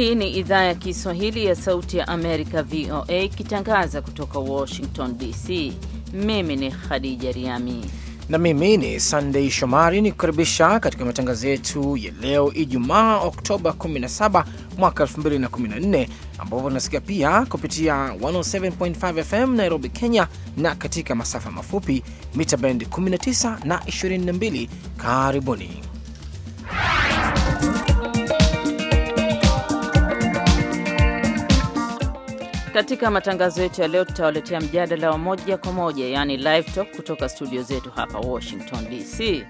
Hii ni idhaa ya Kiswahili ya Sauti ya Amerika, VOA, ikitangaza kutoka Washington DC. Mimi ni Khadija Riami na mimi ni Sandei Shomari ni kukaribisha katika matangazo yetu ya leo Ijumaa, Oktoba 17 mwaka 2014, ambapo tunasikia pia kupitia 107.5 FM Nairobi, Kenya, na katika masafa mafupi mita bendi 19 na 22. Karibuni. Katika matangazo yetu ya leo tutawaletea mjadala wa moja kwa moja, yaani live talk kutoka studio zetu hapa Washington DC.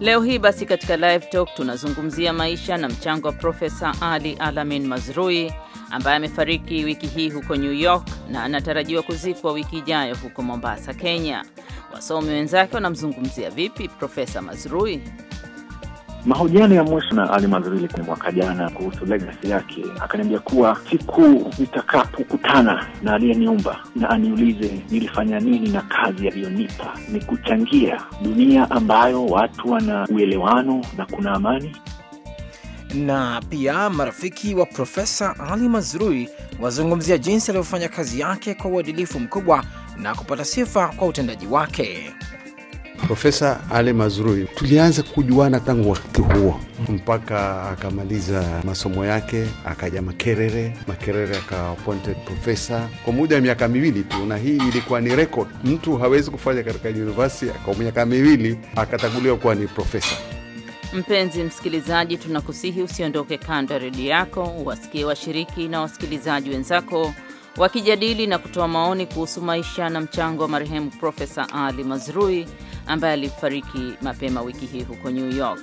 Leo hii basi, katika live talk tunazungumzia maisha na mchango wa Profesa Ali Alamin Mazrui ambaye amefariki wiki hii huko New York na anatarajiwa kuzikwa wiki ijayo huko Mombasa, Kenya. Wasomi wenzake wanamzungumzia vipi Profesa Mazrui? Mahojiano ya mwisho na Ali Mazrili mwaka jana kuhusu legasi yake, akaniambia kuwa siku nitakapokutana na aliyeniumba na aniulize nilifanya nini na kazi aliyonipa ni kuchangia dunia ambayo watu wana uelewano na kuna amani. Na pia marafiki wa Profesa Ali Mazrui wazungumzia jinsi alivyofanya kazi yake kwa uadilifu mkubwa na kupata sifa kwa utendaji wake. Profesa ale Mazrui. Tulianza kujuana tangu wakati huo mpaka akamaliza masomo yake akaja Makerere. Makerere aka appointed profesa kwa muda ya miaka miwili tu, na hii ilikuwa ni record. Mtu hawezi kufanya katika university kwa miaka miwili akatanguliwa kuwa ni profesa. Mpenzi msikilizaji, tunakusihi usiondoke kando ya redio yako, wasikie washiriki na wasikilizaji wenzako wakijadili na kutoa maoni kuhusu maisha na mchango wa marehemu Profesa Ali Mazrui ambaye alifariki mapema wiki hii huko New York.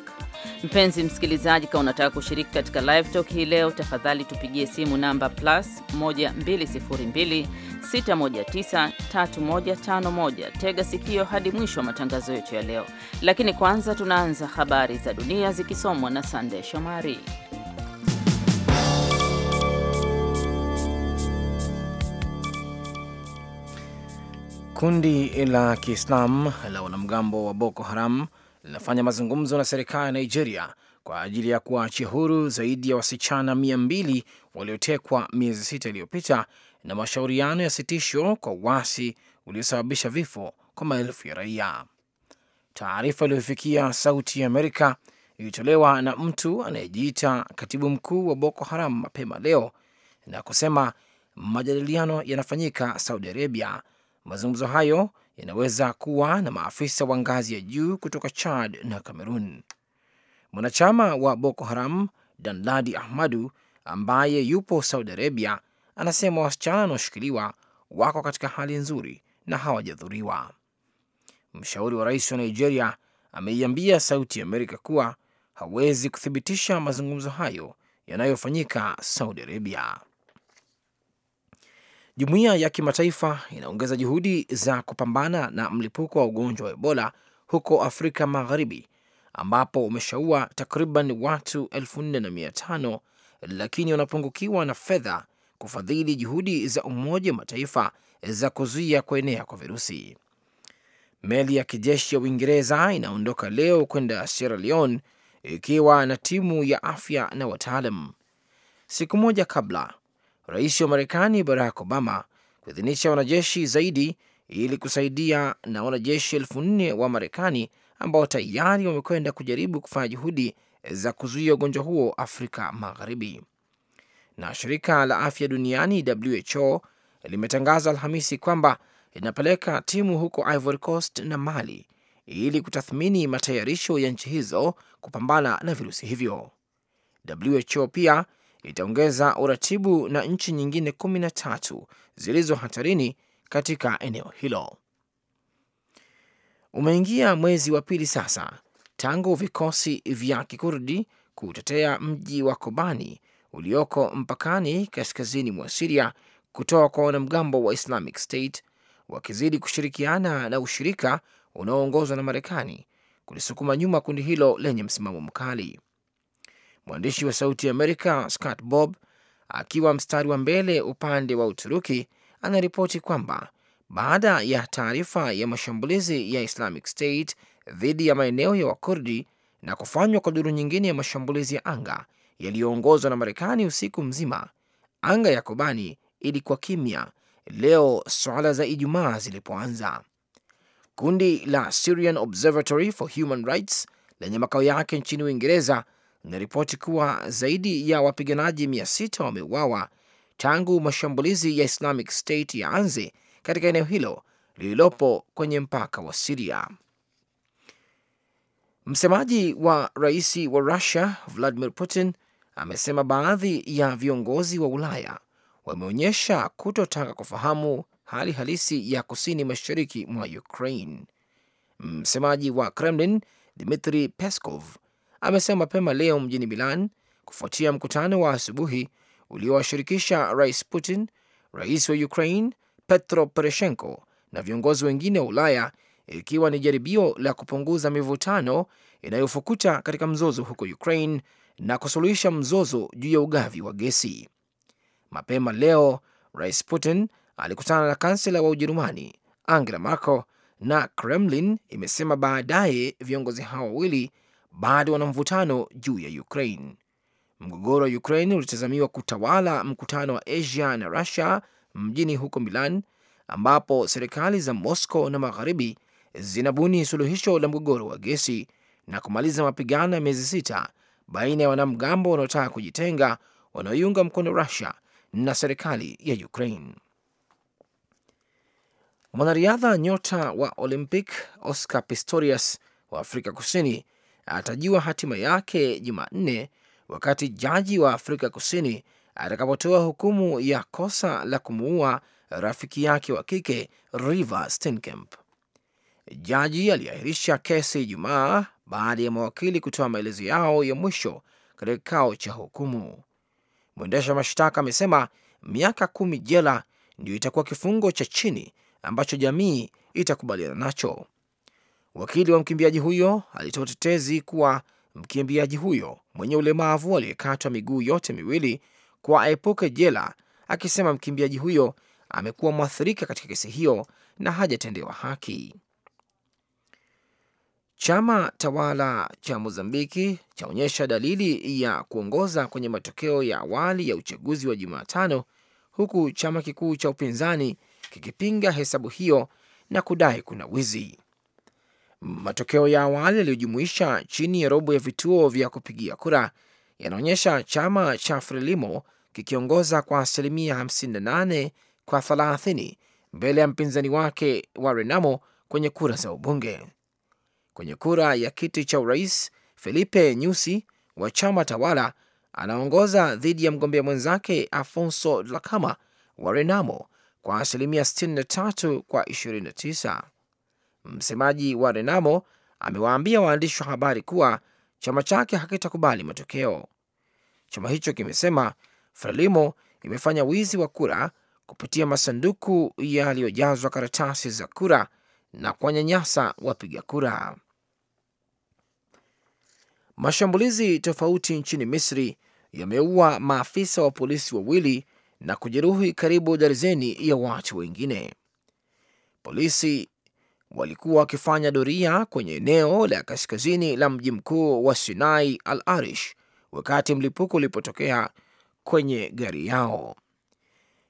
Mpenzi msikilizaji, kama unataka kushiriki katika live talk hii leo, tafadhali tupigie simu namba plus 12026193151. Tega sikio hadi mwisho wa matangazo yetu ya leo, lakini kwanza tunaanza habari za dunia zikisomwa na sandey Shomari. Kundi la Kiislam la wanamgambo wa Boko Haram linafanya mazungumzo na serikali ya Nigeria kwa ajili ya kuwaachia huru zaidi ya wasichana mia mbili waliotekwa miezi sita iliyopita na mashauriano ya sitisho kwa uasi uliosababisha vifo kwa maelfu ya raia. Taarifa iliyofikia Sauti ya Amerika ilitolewa na mtu anayejiita katibu mkuu wa Boko Haram mapema leo na kusema majadiliano yanafanyika Saudi Arabia Mazungumzo hayo yanaweza kuwa na maafisa wa ngazi ya juu kutoka Chad na Cameroon. Mwanachama wa Boko Haram Danladi Ahmadu ambaye yupo Saudi Arabia anasema wasichana wanaoshikiliwa wako katika hali nzuri na hawajadhuriwa. Mshauri wa rais wa Nigeria ameiambia Sauti ya Amerika kuwa hawezi kuthibitisha mazungumzo hayo yanayofanyika Saudi Arabia. Jumuiya ya kimataifa inaongeza juhudi za kupambana na mlipuko wa ugonjwa wa Ebola huko Afrika Magharibi ambapo umeshaua takriban watu 4500 lakini wanapungukiwa na fedha kufadhili juhudi za Umoja wa Mataifa za kuzuia kuenea kwa virusi. Meli ya kijeshi ya Uingereza inaondoka leo kwenda Sierra Leone ikiwa na timu ya afya na wataalam. Siku moja kabla, rais wa Marekani Barack Obama kuidhinisha wanajeshi zaidi ili kusaidia na wanajeshi elfu nne wa Marekani ambao tayari wamekwenda kujaribu kufanya juhudi za kuzuia ugonjwa huo Afrika Magharibi. Na shirika la afya duniani WHO limetangaza Alhamisi kwamba linapeleka timu huko Ivory Coast na Mali ili kutathmini matayarisho ya nchi hizo kupambana na virusi hivyo. WHO pia itaongeza uratibu na nchi nyingine kumi na tatu zilizo hatarini katika eneo hilo. Umeingia mwezi wa pili sasa tangu vikosi vya kikurdi kutetea mji wa Kobani ulioko mpakani kaskazini mwa Siria kutoka kwa wanamgambo wa Islamic State wakizidi kushirikiana na ushirika unaoongozwa na Marekani kulisukuma nyuma kundi hilo lenye msimamo mkali. Mwandishi wa Sauti ya Amerika Scott Bob akiwa mstari wa mbele upande wa Uturuki anaripoti kwamba baada ya taarifa ya mashambulizi ya Islamic State dhidi ya maeneo ya Wakurdi na kufanywa kwa duru nyingine ya mashambulizi ya anga yaliyoongozwa na Marekani usiku mzima, anga ya Kobani ilikuwa kimya leo swala za Ijumaa zilipoanza. Kundi la Syrian Observatory for Human Rights lenye makao yake nchini Uingereza unaripoti kuwa zaidi ya wapiganaji mia sita wameuawa tangu mashambulizi ya Islamic State yaanze katika eneo hilo lililopo kwenye mpaka wa Siria. Msemaji wa rais wa Russia Vladimir Putin amesema baadhi ya viongozi wa Ulaya wameonyesha kutotaka kufahamu hali halisi ya kusini mashariki mwa Ukraine. Msemaji wa Kremlin Dmitri Peskov amesema mapema leo mjini Milan kufuatia mkutano wa asubuhi uliowashirikisha Rais Putin, rais wa Ukraine Petro Poroshenko na viongozi wengine wa Ulaya, ikiwa ni jaribio la kupunguza mivutano inayofukuta katika mzozo huko Ukraine na kusuluhisha mzozo juu ya ugavi wa gesi. Mapema leo Rais Putin alikutana na kansela wa Ujerumani Angela Merkel na Kremlin imesema baadaye viongozi hao wawili bado wana mvutano juu ya Ukraine. Mgogoro wa Ukraine ulitazamiwa kutawala mkutano wa Asia na Russia mjini huko Milan, ambapo serikali za Moscow na magharibi zinabuni suluhisho la mgogoro wa gesi na kumaliza mapigano ya miezi sita baina ya wanamgambo wanaotaka kujitenga wanaoiunga mkono Russia na serikali ya Ukraine. Mwanariadha nyota wa Olympic Oscar Pistorius wa Afrika Kusini atajua hatima yake Jumanne wakati jaji wa Afrika Kusini atakapotoa hukumu ya kosa la kumuua rafiki yake wa kike Reeva Steenkamp. Jaji aliahirisha kesi Ijumaa baada ya mawakili kutoa maelezo yao ya mwisho katika kikao cha hukumu. Mwendesha mashtaka amesema miaka kumi jela ndio itakuwa kifungo cha chini ambacho jamii itakubaliana nacho. Wakili wa mkimbiaji huyo alitoa utetezi kuwa mkimbiaji huyo mwenye ulemavu aliyekatwa miguu yote miwili kwa aepuke jela, akisema mkimbiaji huyo amekuwa mwathirika katika kesi hiyo na hajatendewa haki. Chama tawala cha Mozambiki chaonyesha dalili ya kuongoza kwenye matokeo ya awali ya uchaguzi wa Jumatano, huku chama kikuu cha upinzani kikipinga hesabu hiyo na kudai kuna wizi. Matokeo ya awali yaliyojumuisha chini ya robo ya vituo vya kupigia kura yanaonyesha chama cha Frelimo kikiongoza kwa asilimia 58 kwa 30 mbele ya mpinzani wake wa Renamo kwenye kura za ubunge. Kwenye kura ya kiti cha urais, Felipe Nyusi wa chama tawala anaongoza dhidi ya mgombea mwenzake Afonso Dhlakama wa Renamo kwa asilimia 63 kwa 29. Msemaji wa Renamo amewaambia waandishi wa habari kuwa chama chake hakitakubali matokeo. Chama hicho kimesema Frelimo imefanya wizi wa kura kupitia masanduku yaliyojazwa karatasi za kura na kuwanyanyasa wapiga kura. Mashambulizi tofauti nchini Misri yameua maafisa wa polisi wawili na kujeruhi karibu darzeni ya watu wengine. Polisi walikuwa wakifanya doria kwenye eneo la kaskazini la mji mkuu wa Sinai Al Arish wakati mlipuko ulipotokea kwenye gari yao.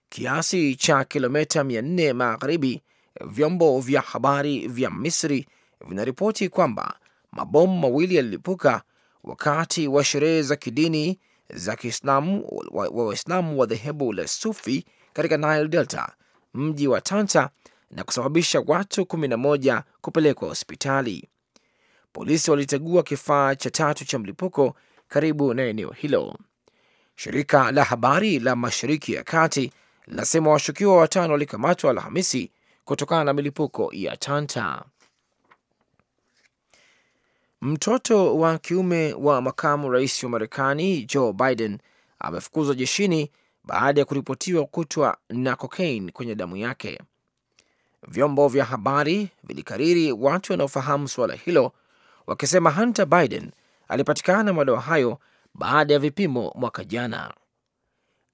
Kiasi cha kilomita 400 magharibi, vyombo vya habari vya Misri vinaripoti kwamba mabomu mawili yalilipuka wakati wa sherehe za kidini za Kiislamu wa Waislamu wa dhehebu la Sufi katika Nile Delta, mji wa Tanta na kusababisha watu 11 kupelekwa hospitali. Polisi walitegua kifaa cha tatu cha mlipuko karibu na eneo hilo. Shirika la habari la Mashariki ya Kati linasema washukiwa watano walikamatwa Alhamisi kutokana na milipuko ya Tanta. Mtoto wa kiume wa makamu rais wa Marekani Joe Biden amefukuzwa jeshini baada ya kuripotiwa kutwa na cocain kwenye damu yake. Vyombo vya habari vilikariri watu wanaofahamu suala hilo wakisema Hunter Biden alipatikana madoa madawa hayo baada ya vipimo mwaka jana.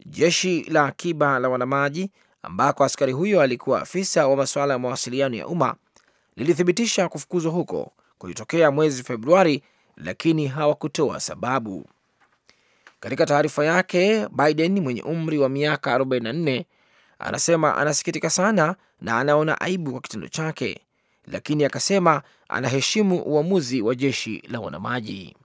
Jeshi la akiba la wanamaji, ambako askari huyo alikuwa afisa wa masuala ya mawasiliano ya umma, lilithibitisha kufukuzwa huko kulitokea mwezi Februari, lakini hawakutoa sababu. Katika taarifa yake, Biden mwenye umri wa miaka 44 Anasema anasikitika sana na anaona aibu kwa kitendo chake, lakini akasema anaheshimu uamuzi wa jeshi la wanamaji.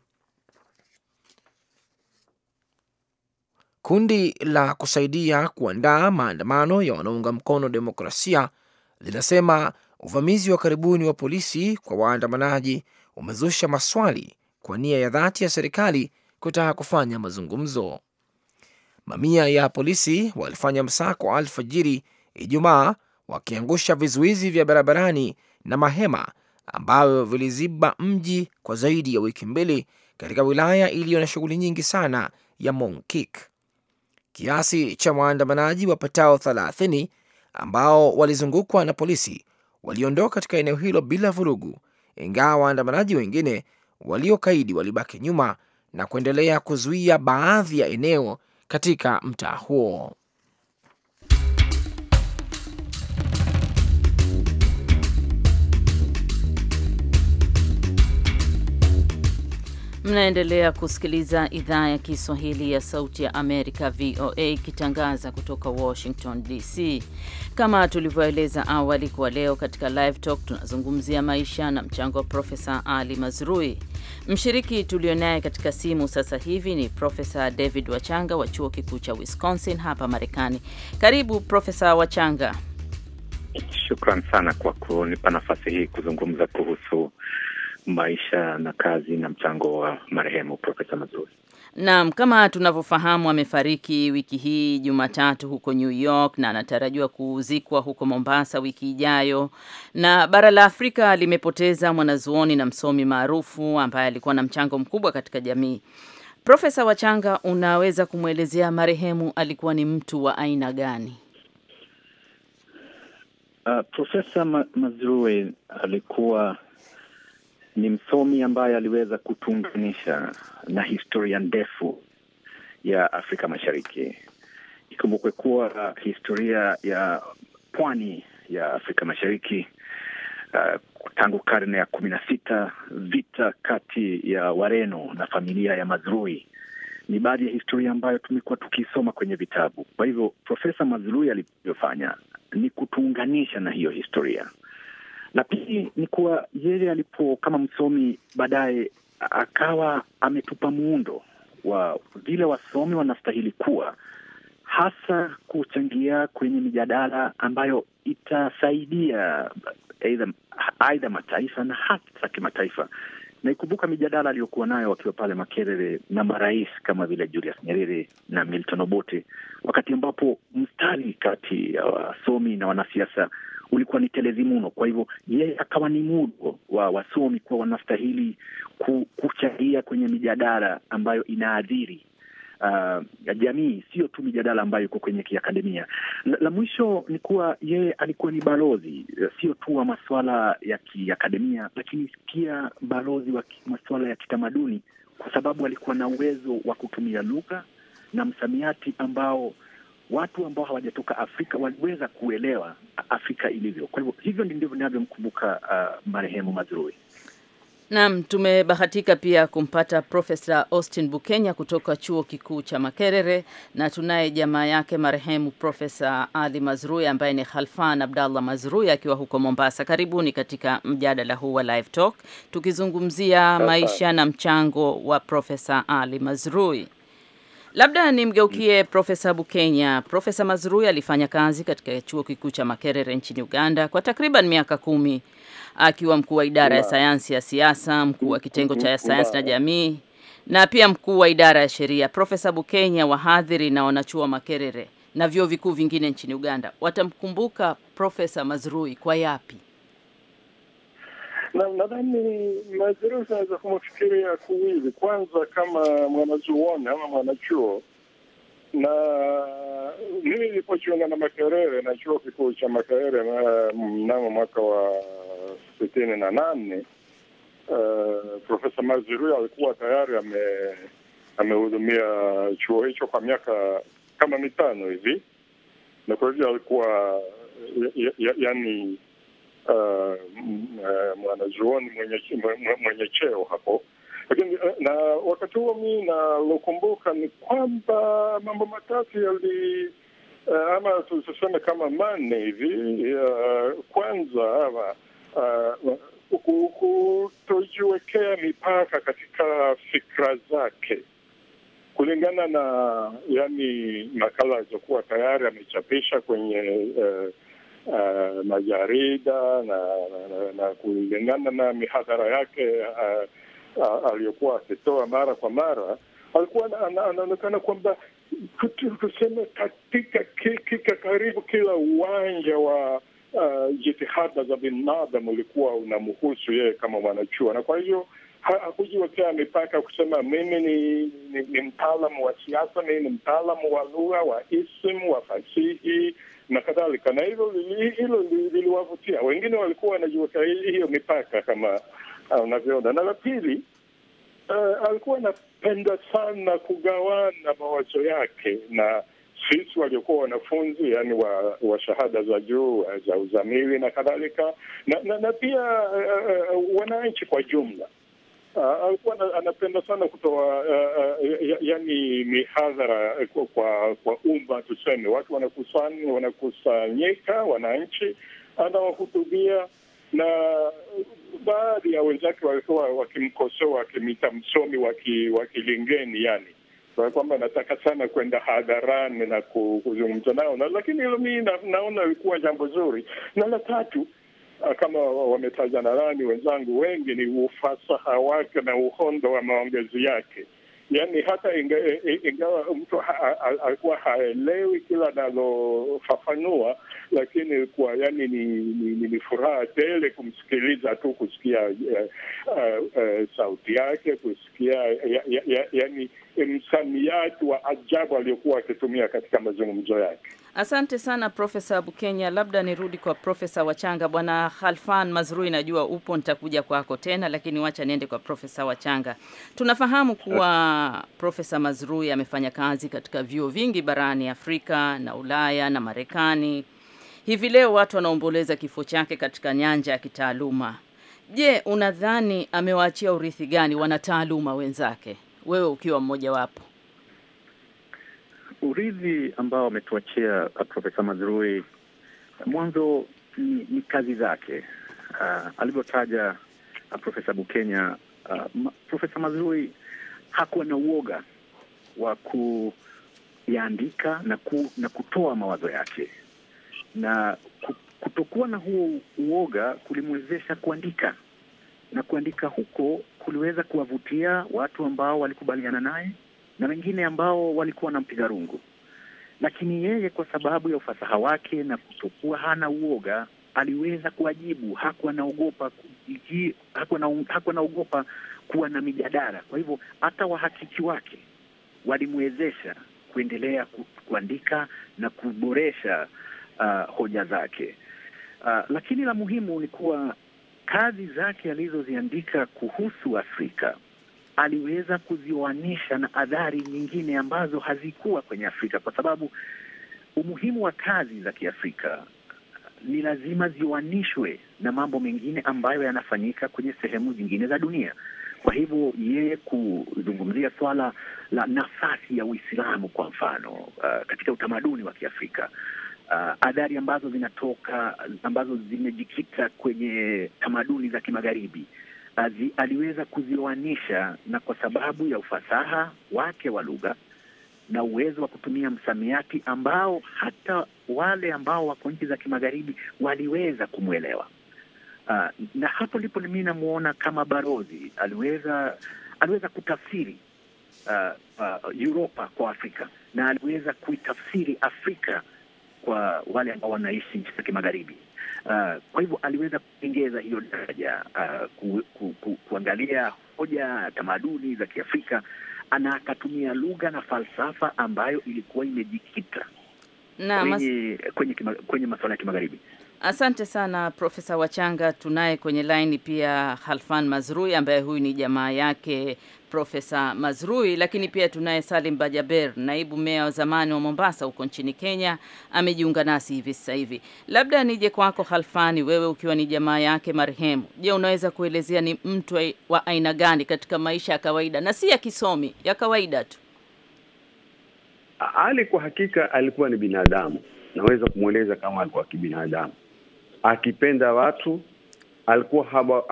Kundi la kusaidia kuandaa maandamano ya wanaunga mkono demokrasia linasema uvamizi wa karibuni wa polisi kwa waandamanaji umezusha maswali kwa nia ya dhati ya serikali kutaka kufanya mazungumzo. Mamia ya polisi walifanya msako alfajiri Ijumaa, wakiangusha vizuizi vya barabarani na mahema ambavyo viliziba mji kwa zaidi ya wiki mbili katika wilaya iliyo na shughuli nyingi sana ya Monkik. Kiasi cha waandamanaji wapatao 30 ambao walizungukwa na polisi waliondoka katika eneo hilo bila vurugu, ingawa waandamanaji wengine waliokaidi walibaki nyuma na kuendelea kuzuia baadhi ya eneo katika mtaa huo. Mnaendelea kusikiliza idhaa ya Kiswahili ya Sauti ya Amerika, VOA, ikitangaza kutoka Washington DC. Kama tulivyoeleza awali, kwa leo katika Live Talk tunazungumzia maisha na mchango wa Profesa Ali Mazrui. Mshiriki tulionaye katika simu sasa hivi ni Profesa David Wachanga wa chuo kikuu cha Wisconsin hapa Marekani. Karibu Profesa Wachanga. Shukran sana kwa kunipa nafasi hii kuzungumza kuhusu maisha na kazi na mchango wa marehemu Profesa Mazuri. Naam, kama tunavyofahamu amefariki wiki hii Jumatatu huko New York na anatarajiwa kuzikwa huko Mombasa wiki ijayo. Na bara la Afrika limepoteza mwanazuoni na msomi maarufu ambaye alikuwa na mchango mkubwa katika jamii. Profesa Wachanga, unaweza kumwelezea marehemu alikuwa ni mtu wa aina gani? Uh, Profesa Mazrui alikuwa ni msomi ambaye aliweza kutuunganisha na historia ndefu ya Afrika Mashariki. Ikumbukwe kuwa uh, historia ya pwani ya Afrika Mashariki uh, tangu karne ya kumi na sita, vita kati ya Wareno na familia ya Mazrui ni baadhi ya historia ambayo tumekuwa tukisoma kwenye vitabu. Kwa hivyo Profesa Mazrui alivyofanya ni kutuunganisha na hiyo historia la pili ni kuwa yeye alipo kama msomi baadaye akawa ametupa muundo wa vile wasomi wanastahili kuwa, hasa kuchangia kwenye mijadala ambayo itasaidia aidha mataifa na hata kimataifa. Naikumbuka mijadala aliyokuwa nayo wakiwa pale Makerere na marais kama vile Julius Nyerere na Milton Obote, wakati ambapo mstari kati ya wasomi na wanasiasa ulikuwa ni telezi muno Kwa hivyo yeye akawa ni mudo wa wasomi kuwa wanastahili kuchangia kwenye mijadala ambayo inaadhiri Uh, jamii sio tu mijadala ambayo iko kwenye kiakademia. La, la mwisho ni kuwa yeye alikuwa ni balozi sio tu wa masuala ya kiakademia, lakini pia balozi wa masuala ya kitamaduni, kwa sababu alikuwa na uwezo wa kutumia lugha na msamiati ambao watu ambao hawajatoka Afrika waliweza kuelewa Afrika ilivyo. Kwa hivyo hivyo ndivyo ninavyomkumbuka uh, marehemu Mazrui. Naam, tumebahatika pia kumpata Profesa Austin Bukenya kutoka chuo kikuu cha Makerere, na tunaye jamaa yake marehemu Profesa Ali Mazrui ambaye ni Khalfan Abdallah Mazrui akiwa huko Mombasa. Karibuni katika mjadala huu wa Live Talk tukizungumzia maisha na mchango wa Profesa Ali Mazrui. Labda nimgeukie Profesa Bukenya. Profesa Mazrui alifanya kazi katika chuo kikuu cha Makerere nchini Uganda kwa takriban miaka kumi akiwa mkuu wa idara ya sayansi ya siasa, mkuu wa kitengo cha sayansi na jamii na pia mkuu wa idara ya sheria. Profesa Bukenya, wahadhiri na wanachuo wa Makerere na vyuo vikuu vingine nchini Uganda watamkumbuka Profesa Mazrui kwa yapi? na nadhani Majerusi anaweza kumfikiria kuwili kwanza, kama mwanazuoni ama mwanachuo. Na mimi nilipojiunga na Makerere na chuo kikuu cha Makerere uh, mnamo mwaka wa sitini na nane, uh, Profesa Maziru alikuwa tayari amehudumia chuo hicho kwa miaka kama mitano hivi, na kwa hivyo alikuwa ya, ya, yani Uh, uh, mwanazuoni mwenye, mwenye cheo hapo lakini uh, na wakati huo mi nalokumbuka ni kwamba mambo matatu yali uh, ama tuseme kama manne hivi uh, kwanza ama uh, kutojiwekea mipaka katika fikra zake kulingana na yani makala alizokuwa tayari amechapisha kwenye uh, uh, eh, majarida na, na, na kulingana na mihadhara yake uh, uh, aliyokuwa akitoa mara kwa mara alikuwa anaonekana kwamba tuseme katika kika karibu kila uwanja wa uh, jitihada za binadam ulikuwa unamhusu yeye kama mwanachua na kwa hivyo hakujiwekea mipaka kusema mimi ni, ni, ni mtaalamu wa siasa, mii ni mtaalamu wa lugha, wa isimu, wa fasihi na kadhalika, na hilo hilo liliwavutia wengine, walikuwa wanajiweka hiyo mipaka kama ah, unavyoona. Na la pili, uh, alikuwa anapenda sana kugawana mawazo yake na sisi waliokuwa wanafunzi yani wa, wa shahada za juu eh, za uzamili na kadhalika, na, na, na pia uh, wananchi kwa jumla Uh, anapenda sana kutoa uh, uh, mihadhara eh, kwa, kwa, kwa umma tuseme, watu wanakusanyika, wanakusanyika wananchi, anawahutubia na baadhi ya wenzake walikuwa wakimkosoa wakimita msomi wakilingeni, yani kwamba anataka sana kwenda hadharani na kuzungumza nao na, lakini hilo mi na, naona ilikuwa jambo zuri. Na la tatu Ah, kama wametaja na nadhani wenzangu wengi, ni ufasaha wake na uhondo wa maongezi yake. Yani hata e, e, ingawa mtu alikuwa ha, ha, haelewi kila analofafanua, lakini kwa yani ni, ni, ni furaha tele kumsikiliza tu, kusikia uh, uh, uh, sauti yake, kusikia ya, ya, ya, yani msamiati wa ajabu aliyokuwa akitumia katika mazungumzo yake. Asante sana Profesa Bukenya. Labda nirudi kwa Profesa Wachanga. Bwana Halfan Mazrui, najua upo, nitakuja kwako tena, lakini wacha niende kwa Profesa Wachanga. Tunafahamu kuwa Profesa Mazrui amefanya kazi katika vyuo vingi barani Afrika na Ulaya na Marekani. Hivi leo watu wanaomboleza kifo chake katika nyanja ya kitaaluma. Je, unadhani amewaachia urithi gani wanataaluma wenzake, wewe ukiwa mmojawapo? urithi ambao ametuachia uh, Profesa Mazrui mwanzo ni, ni kazi zake uh, alivyotaja uh, Profesa Bukenya uh, Profesa Mazrui hakuwa na uoga wa kuyaandika na, ku, na kutoa mawazo yake na kutokuwa na huo uoga kulimwezesha kuandika na kuandika huko kuliweza kuwavutia watu ambao walikubaliana naye na wengine ambao walikuwa wanampiga rungu, lakini yeye kwa sababu ya ufasaha wake na kutokuwa hana uoga aliweza kuwajibu. Hakuwa naogopa hakuwa naogopa kuwa na mijadala. Kwa hivyo hata wahakiki wake walimwezesha kuendelea kuandika na kuboresha uh, hoja zake uh, lakini la muhimu ni kuwa kazi zake alizoziandika kuhusu Afrika aliweza kuzioanisha na adhari nyingine ambazo hazikuwa kwenye Afrika, kwa sababu umuhimu wa kazi za Kiafrika ni lazima zioanishwe na mambo mengine ambayo yanafanyika kwenye sehemu zingine za dunia. Kwa hivyo yeye kuzungumzia swala la nafasi ya Uislamu kwa mfano uh, katika utamaduni wa Kiafrika uh, adhari ambazo zinatoka ambazo zimejikita kwenye tamaduni za Kimagharibi azi, aliweza kuzioanisha, na kwa sababu ya ufasaha wake wa lugha na uwezo wa kutumia msamiati ambao hata wale ambao wako nchi za kimagharibi waliweza kumwelewa. Uh, na hapo ndipo mimi namuona kama barozi, aliweza aliweza kutafsiri uh, uh, kwa Afrika na aliweza kuitafsiri Afrika kwa wale ambao wanaishi nchi za kimagharibi. Uh, kwa hivyo aliweza kupengeza hiyo daraja uh, ku, ku, ku, kuangalia hoja tamaduni za Kiafrika na akatumia lugha na falsafa ambayo ilikuwa imejikita na, kwenye, mas... kwenye, kwenye masuala ya kimagharibi. Asante sana Profesa Wachanga. Tunaye kwenye laini pia Halfan Mazrui ambaye huyu ni jamaa yake Profesa Mazrui, lakini pia tunaye Salim Bajaber, naibu meya wa zamani wa Mombasa huko nchini Kenya, amejiunga nasi hivi sasa hivi. Labda nije kwako Halfani, wewe ukiwa ni jamaa yake marehemu, je, unaweza kuelezea ni mtu wa aina gani katika maisha ya kawaida na si ya kisomi, ya kawaida tu? Ali kwa hakika alikuwa ni binadamu, naweza kumweleza kama alikuwa kibinadamu, akipenda watu, alikuwa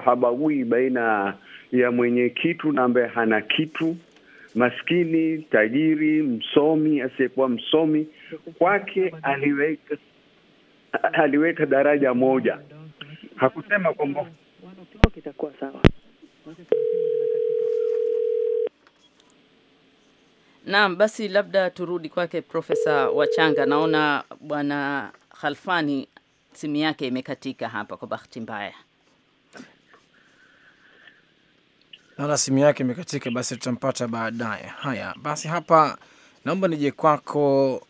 habagui haba baina ya mwenye kitu na ambaye hana kitu, maskini, tajiri, msomi, asiyekuwa msomi, kwake aliweka aliweka daraja moja. Hakusema kwamba sawa. Naam, basi labda turudi kwake Profesa Wachanga. Naona Bwana Khalfani simu yake imekatika hapa kwa bahati mbaya. naona simu yake imekatika, basi tutampata baadaye. Haya basi, hapa naomba nije kwako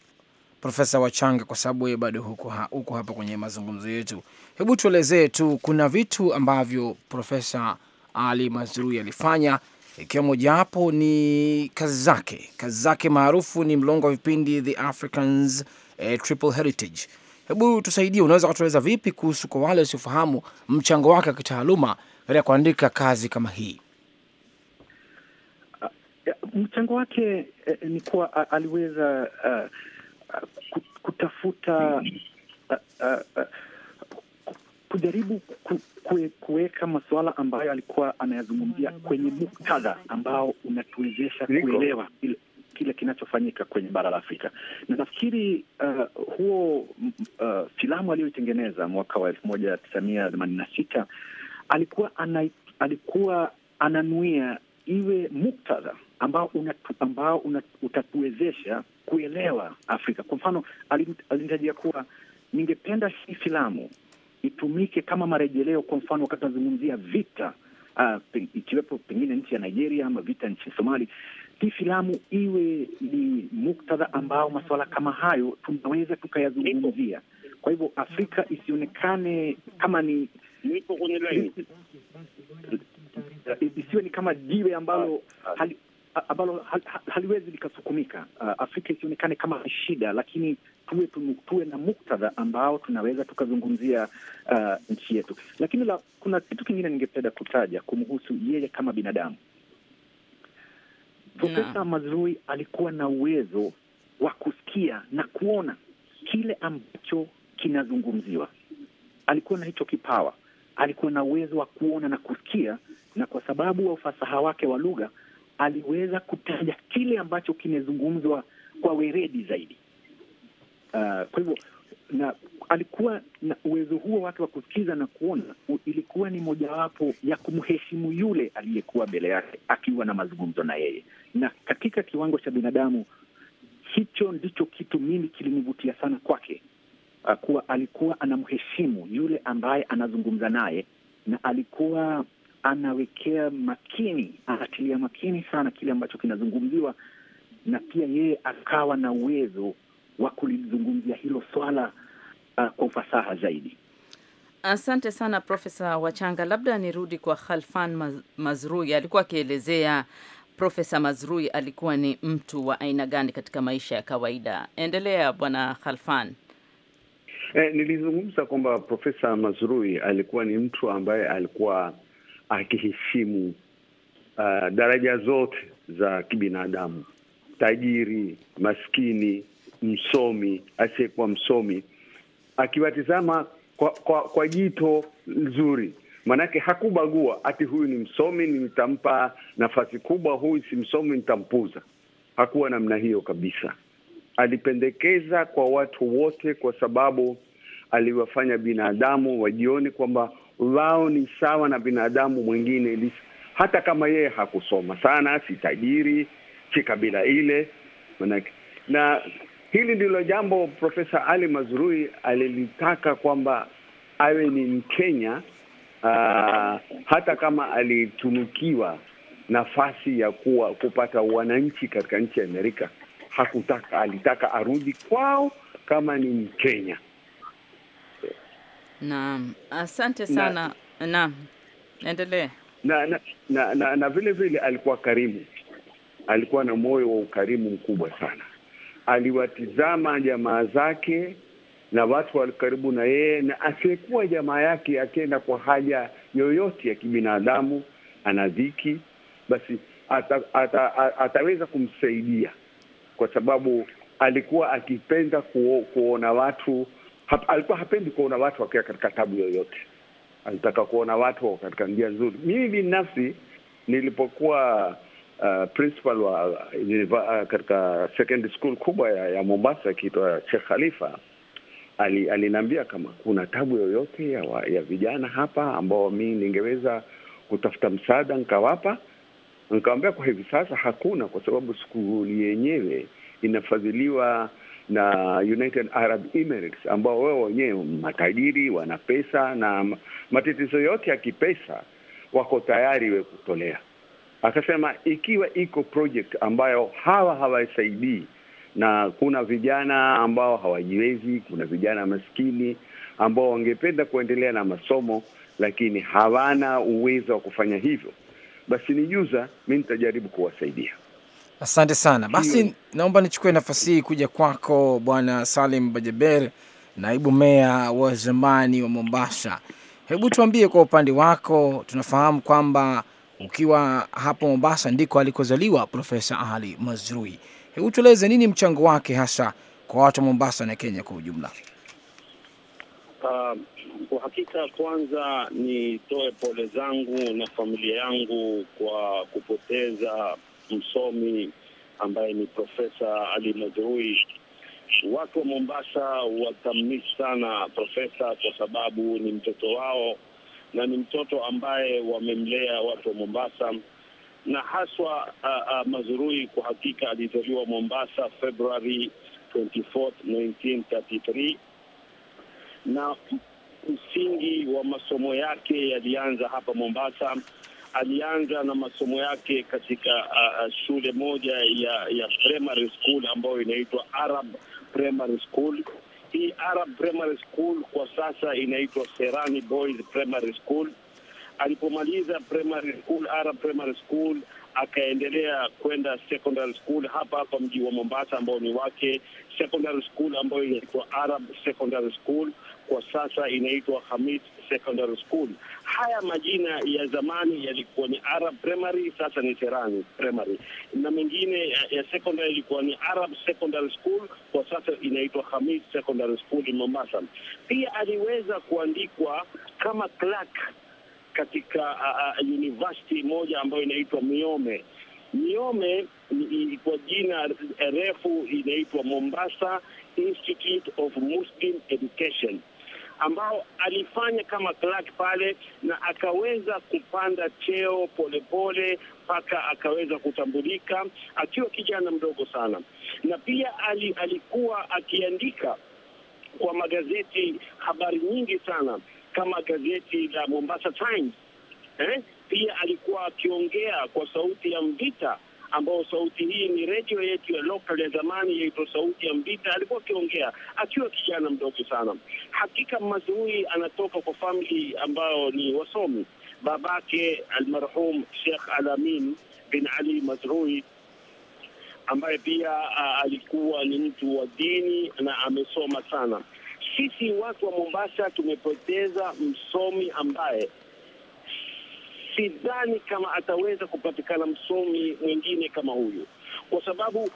Profesa Wachanga, kwa sababu wewe bado huko, ha, huko hapa kwenye mazungumzo yetu. Hebu tuelezee tu, kuna vitu ambavyo Profesa Ali Mazrui alifanya ikiwa mojawapo ni kazi zake. Kazi zake maarufu ni mlongo wa vipindi The Africans eh, Triple Heritage. Hebu tusaidie, unaweza kutueleza vipi kuhusu, kwa wale wasiofahamu, mchango wake wa kitaaluma katika kuandika kazi kama hii? Mchango wake eh, ni kuwa aliweza uh, kutafuta uh, uh, kujaribu kuweka masuala ambayo alikuwa anayazungumzia kwenye muktadha ambao unatuwezesha kuelewa kile kinachofanyika kwenye bara la Afrika na nafikiri uh, huo uh, filamu aliyoitengeneza mwaka wa elfu moja tisa mia themanini na sita alikuwa ana, alikuwa ananuia iwe muktadha ambao una, ambao una, utatuwezesha kuelewa Afrika. Kwa mfano, alinitajia kuwa ningependa hii filamu itumike kama marejeleo, kwa mfano wakati nazungumzia vita uh, ah, pe, ikiwepo pengine nchi ya Nigeria ama vita nchi Somali, hii filamu iwe ni muktadha ambao masuala kama hayo tunaweza tukayazungumzia. Kwa hivyo Afrika isionekane kama ni isiwe ni kama jiwe ambalo ambalo haliwezi likasukumika. Uh, Afrika isionekane kama ni shida, lakini tuwe tunu, tuwe na muktadha ambao tunaweza tukazungumzia uh, nchi yetu. Lakini la, kuna kitu kingine ningependa kutaja kumhusu yeye kama binadamu. Profesa Mazrui alikuwa na uwezo wa kusikia na kuona kile ambacho kinazungumziwa. Alikuwa na hicho kipawa, alikuwa na uwezo wa kuona na kusikia, na kwa sababu wa ufasaha wake wa lugha aliweza kutaja kile ambacho kimezungumzwa kwa weredi zaidi. Uh, kwa hivyo na alikuwa na uwezo huo wake wa kusikiza na kuona, ilikuwa ni mojawapo ya kumheshimu yule aliyekuwa mbele yake akiwa na mazungumzo na yeye. Na katika kiwango cha binadamu, hicho ndicho kitu mimi kilinivutia sana kwake, ah, kuwa alikuwa anamheshimu yule ambaye anazungumza naye, na alikuwa anawekea makini, anatilia makini sana kile ambacho kinazungumziwa, na pia yeye akawa na uwezo wa kulizungumzia hilo swala uh, kwa ufasaha zaidi. Asante sana Profesa Wachanga. Labda nirudi kwa Khalfan Mazrui, alikuwa akielezea Profesa Mazrui alikuwa ni mtu wa aina gani katika maisha ya kawaida. Endelea Bwana Khalfan. Eh, nilizungumza kwamba Profesa Mazrui alikuwa ni mtu ambaye alikuwa akiheshimu uh, daraja zote za kibinadamu, tajiri, maskini, msomi, asiyekuwa msomi, akiwatizama kwa, kwa, kwa jito nzuri Manake hakubagua ati huyu ni msomi nitampa nafasi kubwa, huyu si msomi nitampuza. Hakuwa namna hiyo kabisa. Alipendekeza kwa watu wote, kwa sababu aliwafanya binadamu wajione kwamba wao ni sawa na binadamu mwingine, hata kama yeye hakusoma sana, si tajiri, si kabila ile manake. Na hili ndilo jambo Profesa Ali Mazrui alilitaka kwamba awe ni Mkenya ah, hata kama alitunukiwa nafasi ya kuwa kupata wananchi katika nchi ya Amerika hakutaka, alitaka arudi kwao kama ni Mkenya. Naam, asante sana. Naam, endelee. Na na, na na na vile vile alikuwa karimu, alikuwa na moyo wa ukarimu mkubwa sana. Aliwatizama jamaa zake na watu walikaribu na yeye, na asiyekuwa jamaa yake akienda kwa haja yoyote ya kibinadamu, ana dhiki, basi ata, ata, ata, ataweza kumsaidia kwa sababu alikuwa akipenda kuo, kuona watu hap, alikuwa hapendi kuona watu wakiwa katika tabu yoyote, alitaka kuona watu wako katika njia nzuri. Mimi binafsi nilipokuwa uh, principal wa uh, katika secondary school kubwa ya, ya Mombasa ikiitwa Sheikh Khalifa ali, kama kuna tabu yoyote ya, wa, ya vijana hapa ambao mi ningeweza kutafuta msaada nikawapa, nikawambia kwa hivi sasa hakuna, kwa sababu skuli yenyewe inafadhiliwa na United Arab Emirates ambao wao wenyewe matajiri, wana pesa na matatizo yote ya kipesa wako tayari we kutolea. Akasema ikiwa iko project ambayo hawa hawasaidii, na kuna vijana ambao hawajiwezi, kuna vijana maskini ambao wangependa kuendelea na masomo lakini hawana uwezo wa kufanya hivyo, basi nijuza, mi nitajaribu kuwasaidia. Asante sana. Basi naomba nichukue nafasi hii kuja kwako Bwana Salim Bajaber, naibu meya wa zamani wa Mombasa. Hebu tuambie kwa upande wako, tunafahamu kwamba ukiwa hapo Mombasa ndiko alikozaliwa Profesa Ali Mazrui. Hebu tueleze nini mchango wake hasa kwa watu wa Mombasa na Kenya kwa ujumla? Uh, kwa hakika kwanza nitoe pole zangu na familia yangu kwa kupoteza msomi ambaye ni Profesa Ali Mazrui. Watu wa Mombasa watamisi sana Profesa kwa sababu ni mtoto wao na ni mtoto ambaye wamemlea watu wa Mombasa na haswa uh, uh, Mazurui kwa hakika alizaliwa Mombasa Februari 24, 1933 na msingi wa masomo yake yalianza hapa Mombasa alianza na masomo yake katika uh, shule moja ya ya primary school ambayo inaitwa Arab Primary School. Hii Arab Primary School kwa sasa inaitwa Serani Boys Primary School. Alipomaliza primary school, Arab Primary School, akaendelea kwenda secondary school hapa hapa mji wa Mombasa ambao ni wake, secondary school ambayo inaitwa Arab Secondary School, kwa sasa inaitwa Hamid Secondary School. Haya majina ya zamani yalikuwa ni Arab Primary, sasa ni Serani Primary, na mengine ya secondary ilikuwa ni Arab Secondary School, kwa sasa inaitwa Hamis Secondary School Mombasa. Pia aliweza kuandikwa kama clerk katika uh, uh, university moja ambayo inaitwa Miome. Miome kwa jina refu inaitwa Mombasa Institute of Muslim Education ambao alifanya kama clerk pale na akaweza kupanda cheo polepole mpaka akaweza kutambulika akiwa kijana mdogo sana, na pia ali, alikuwa akiandika kwa magazeti habari nyingi sana kama gazeti la Mombasa Times eh? Pia alikuwa akiongea kwa sauti ya mvita ambao sauti hii ni redio yetu ya local ya zamani yaitwa Sauti ya Mbita. Alikuwa akiongea akiwa kijana mdogo sana. Hakika Mazrui anatoka kwa famili ambayo ni wasomi. Babake almarhum Sheikh Alamin bin Ali Mazrui ambaye pia uh, alikuwa ni mtu wa dini na amesoma sana. Sisi watu wa Mombasa tumepoteza msomi ambaye sidhani kama ataweza kupatikana msomi mwingine kama huyu, kwa sababu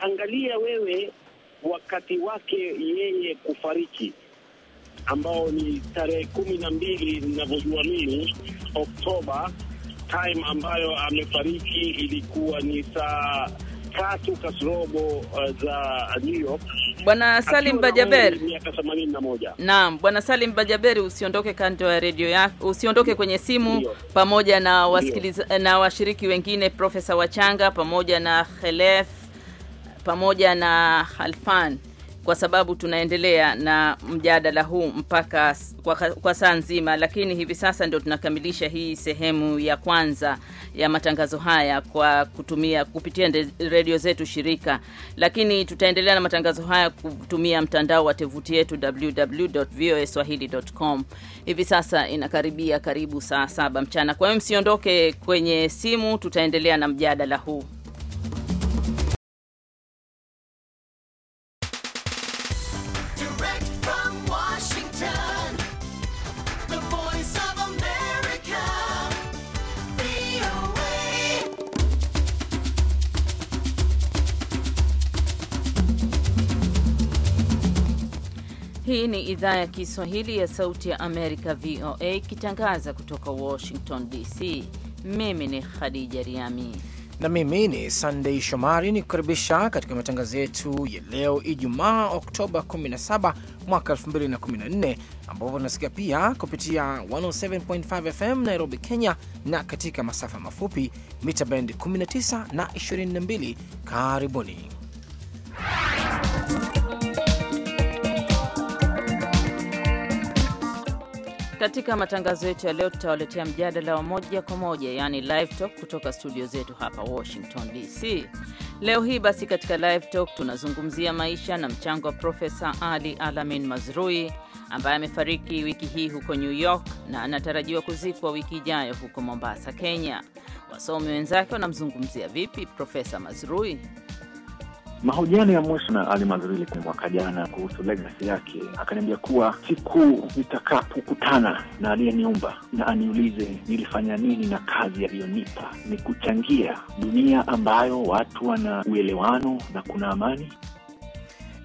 angalia wewe, wakati wake yeye kufariki ambao ni tarehe kumi na mbili ninavyojua mimi Oktoba, time ambayo amefariki ilikuwa ni saa tatu kasrobo uh, za New York. Bwana Salim Bajaber, miaka 81. Naam, Bwana Salim Bajaberi, usiondoke kando ya redio yako, usiondoke kwenye simu Ndiyo. pamoja na wasikiliza, na washiriki wengine Profesa Wachanga pamoja na Khelef pamoja na Halfan kwa sababu tunaendelea na mjadala huu mpaka kwa, kwa saa nzima, lakini hivi sasa ndio tunakamilisha hii sehemu ya kwanza ya matangazo haya kwa kutumia kupitia redio zetu shirika, lakini tutaendelea na matangazo haya kutumia mtandao wa tovuti yetu www.voaswahili.com. Hivi sasa inakaribia karibu saa saba mchana, kwa hiyo msiondoke kwenye simu, tutaendelea na mjadala huu. Hii ni idhaa ya Kiswahili ya Sauti ya Amerika, VOA, ikitangaza kutoka Washington DC. Mimi ni Khadija Riami na mimi ni Sandei Shomari ni kukaribisha katika matangazo yetu ya leo Ijumaa, Oktoba 17 mwaka 2014, ambapo tunasikia pia kupitia 107.5 FM Nairobi, Kenya, na katika masafa mafupi mita bendi 19 na 22. Karibuni Katika matangazo yetu ya leo, tutawaletea mjadala wa moja kwa moja, yaani live talk kutoka studio zetu hapa Washington DC. Leo hii basi, katika live talk tunazungumzia maisha na mchango wa Profesa Ali Alamin Mazrui ambaye amefariki wiki hii huko New York na anatarajiwa kuzikwa wiki ijayo huko Mombasa, Kenya. Wasomi wenzake wanamzungumzia vipi Profesa Mazrui? Mahojiano ya mwisho na Ali Mazrili mwaka jana kuhusu legacy yake, akaniambia kuwa siku nitakapokutana na aliyeniumba na aniulize nilifanya nini na kazi aliyonipa ni kuchangia dunia ambayo watu wana uelewano na kuna amani.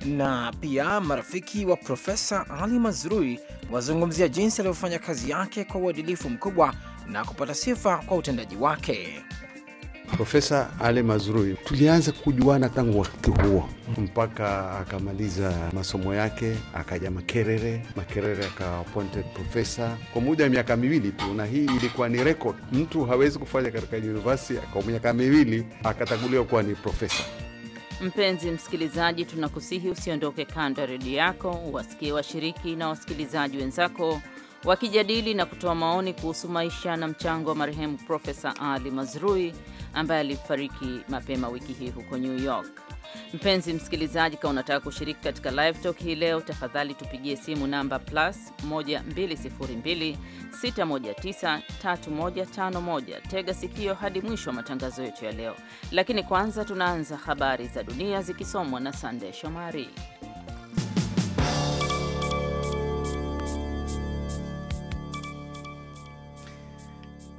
Na pia marafiki wa Profesa Ali Mazrui wazungumzia jinsi alivyofanya kazi yake kwa uadilifu mkubwa na kupata sifa kwa utendaji wake. Profesa Ale Mazrui. Tulianza kujuana tangu wakati huo mpaka akamaliza masomo yake, akaja Makerere. Makerere akawa appointed profesa kwa muda ya miaka miwili tu, na hii ilikuwa ni record. Mtu hawezi kufanya katika university kwa miaka miwili akataguliwa kuwa ni profesa. Mpenzi msikilizaji, tunakusihi usiondoke kando ya redio yako, wasikie washiriki na wasikilizaji wenzako wakijadili na kutoa maoni kuhusu maisha na mchango wa marehemu Profesa Ali Mazrui ambaye alifariki mapema wiki hii huko New York. Mpenzi msikilizaji, kama unataka kushiriki katika live talk hii leo, tafadhali tupigie simu namba plus 1 Tega sikio hadi mwisho wa matangazo yetu ya leo, lakini kwanza tunaanza habari za dunia zikisomwa na sandey Shomari.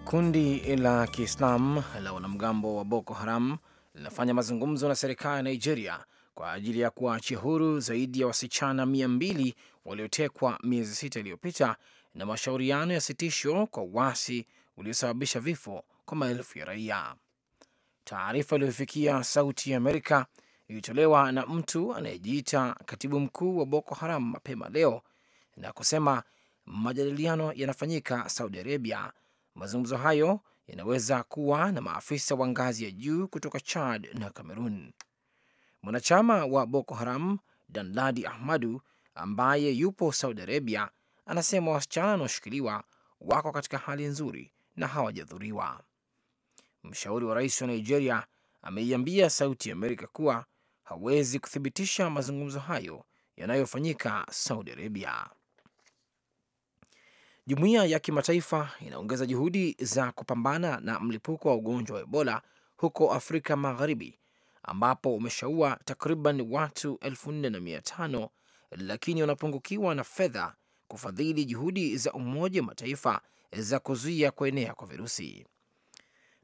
Kundi la Kiislam la wanamgambo wa Boko Haram linafanya mazungumzo na serikali ya Nigeria kwa ajili ya kuwaachia huru zaidi ya wasichana mia mbili waliotekwa miezi sita iliyopita na mashauriano ya sitisho kwa uasi uliosababisha vifo kwa maelfu ya raia. Taarifa iliyofikia Sauti ya Amerika ilitolewa na mtu anayejiita katibu mkuu wa Boko Haram mapema leo na kusema majadiliano yanafanyika Saudi Arabia Mazungumzo hayo yanaweza kuwa na maafisa wa ngazi ya juu kutoka Chad na Cameroon. Mwanachama wa Boko Haram Danladi Ahmadu ambaye yupo Saudi Arabia anasema wasichana wanaoshikiliwa wako katika hali nzuri na hawajadhuriwa. Mshauri wa rais wa Nigeria ameiambia Sauti ya Amerika kuwa hawezi kuthibitisha mazungumzo hayo yanayofanyika Saudi Arabia. Jumuiya ya kimataifa inaongeza juhudi za kupambana na mlipuko wa ugonjwa wa Ebola huko Afrika Magharibi ambapo umeshaua takriban watu 45 lakini wanapungukiwa na fedha kufadhili juhudi za Umoja wa Mataifa za kuzuia kuenea kwa virusi.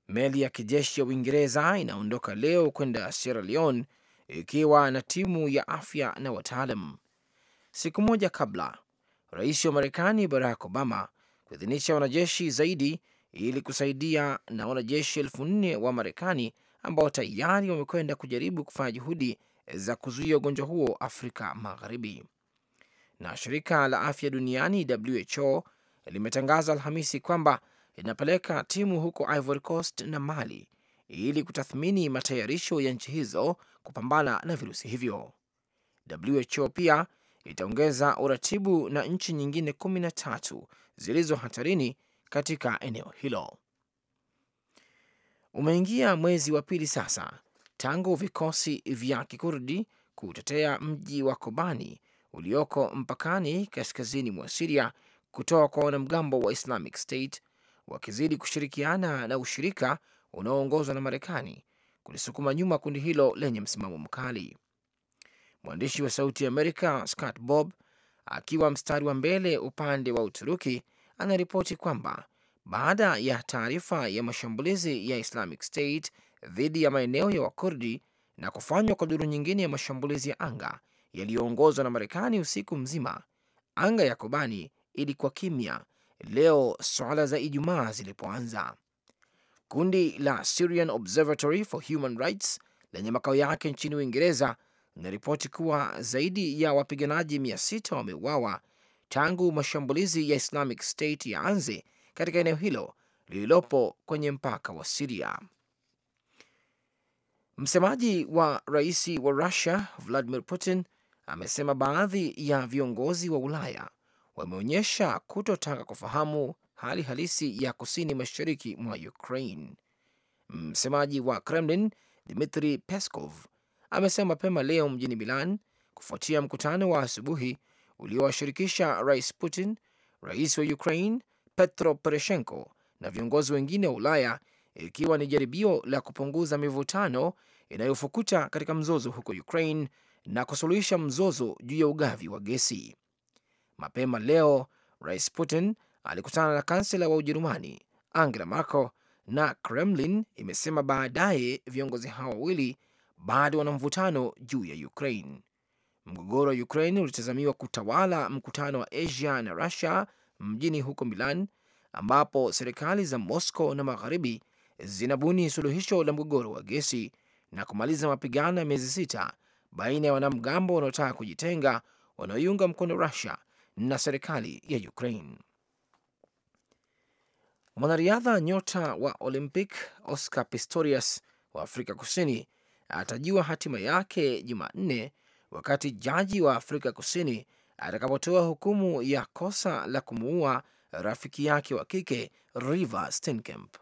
Meli ya kijeshi ya Uingereza inaondoka leo kwenda Sierra Leone ikiwa na timu ya afya na wataalam. Siku moja kabla rais wa Marekani Barack Obama kuidhinisha wanajeshi zaidi ili kusaidia na wanajeshi elfu nne wa Marekani ambao tayari wamekwenda kujaribu kufanya juhudi za kuzuia ugonjwa huo Afrika Magharibi. Na shirika la afya duniani WHO limetangaza Alhamisi kwamba linapeleka timu huko Ivory Coast na Mali ili kutathmini matayarisho ya nchi hizo kupambana na virusi hivyo. WHO pia itaongeza uratibu na nchi nyingine kumi na tatu zilizo hatarini katika eneo hilo. Umeingia mwezi wa pili sasa tangu vikosi vya kikurdi kutetea mji wa Kobani ulioko mpakani kaskazini mwa Siria kutoka kwa wanamgambo wa Islamic State wakizidi kushirikiana na ushirika unaoongozwa na Marekani kulisukuma nyuma kundi hilo lenye msimamo mkali. Mwandishi wa Sauti Amerika Scott Bob akiwa mstari wa mbele upande wa Uturuki anaripoti kwamba baada ya taarifa ya mashambulizi ya Islamic State dhidi ya maeneo ya Wakurdi na kufanywa kwa duru nyingine ya mashambulizi ya anga yaliyoongozwa na Marekani usiku mzima, anga ya Kobani ilikuwa kimya leo swala za Ijumaa zilipoanza. Kundi la Syrian Observatory for Human Rights lenye makao yake nchini Uingereza inaripoti kuwa zaidi ya wapiganaji mia sita wameuawa tangu mashambulizi ya Islamic State yaanze katika eneo hilo lililopo kwenye mpaka wa Siria. Msemaji wa rais wa Russia Vladimir Putin amesema baadhi ya viongozi wa Ulaya wameonyesha kutotaka kufahamu hali halisi ya kusini mashariki mwa Ukraine. Msemaji wa Kremlin Dmitri Peskov amesema mapema leo mjini Milan kufuatia mkutano wa asubuhi uliowashirikisha Rais Putin, rais wa Ukraine Petro Poroshenko na viongozi wengine wa Ulaya, ikiwa ni jaribio la kupunguza mivutano inayofukuta katika mzozo huko Ukraine na kusuluhisha mzozo juu ya ugavi wa gesi. Mapema leo Rais Putin alikutana na kansela wa Ujerumani Angela Merkel na Kremlin imesema baadaye viongozi hao wawili bado wana mvutano juu ya Ukraine. Mgogoro wa Ukraine ulitazamiwa kutawala mkutano wa Asia na Russia mjini huko Milan, ambapo serikali za Moscow na magharibi zinabuni suluhisho la mgogoro wa gesi na kumaliza mapigano ya miezi sita baina ya wanamgambo wanaotaka kujitenga wanaoiunga mkono Russia na serikali ya Ukraine. Mwanariadha nyota wa Olympic Oscar Pistorius wa Afrika Kusini atajua hatima yake Jumanne wakati jaji wa Afrika Kusini atakapotoa hukumu ya kosa la kumuua rafiki yake wa kike Reeva Steenkamp.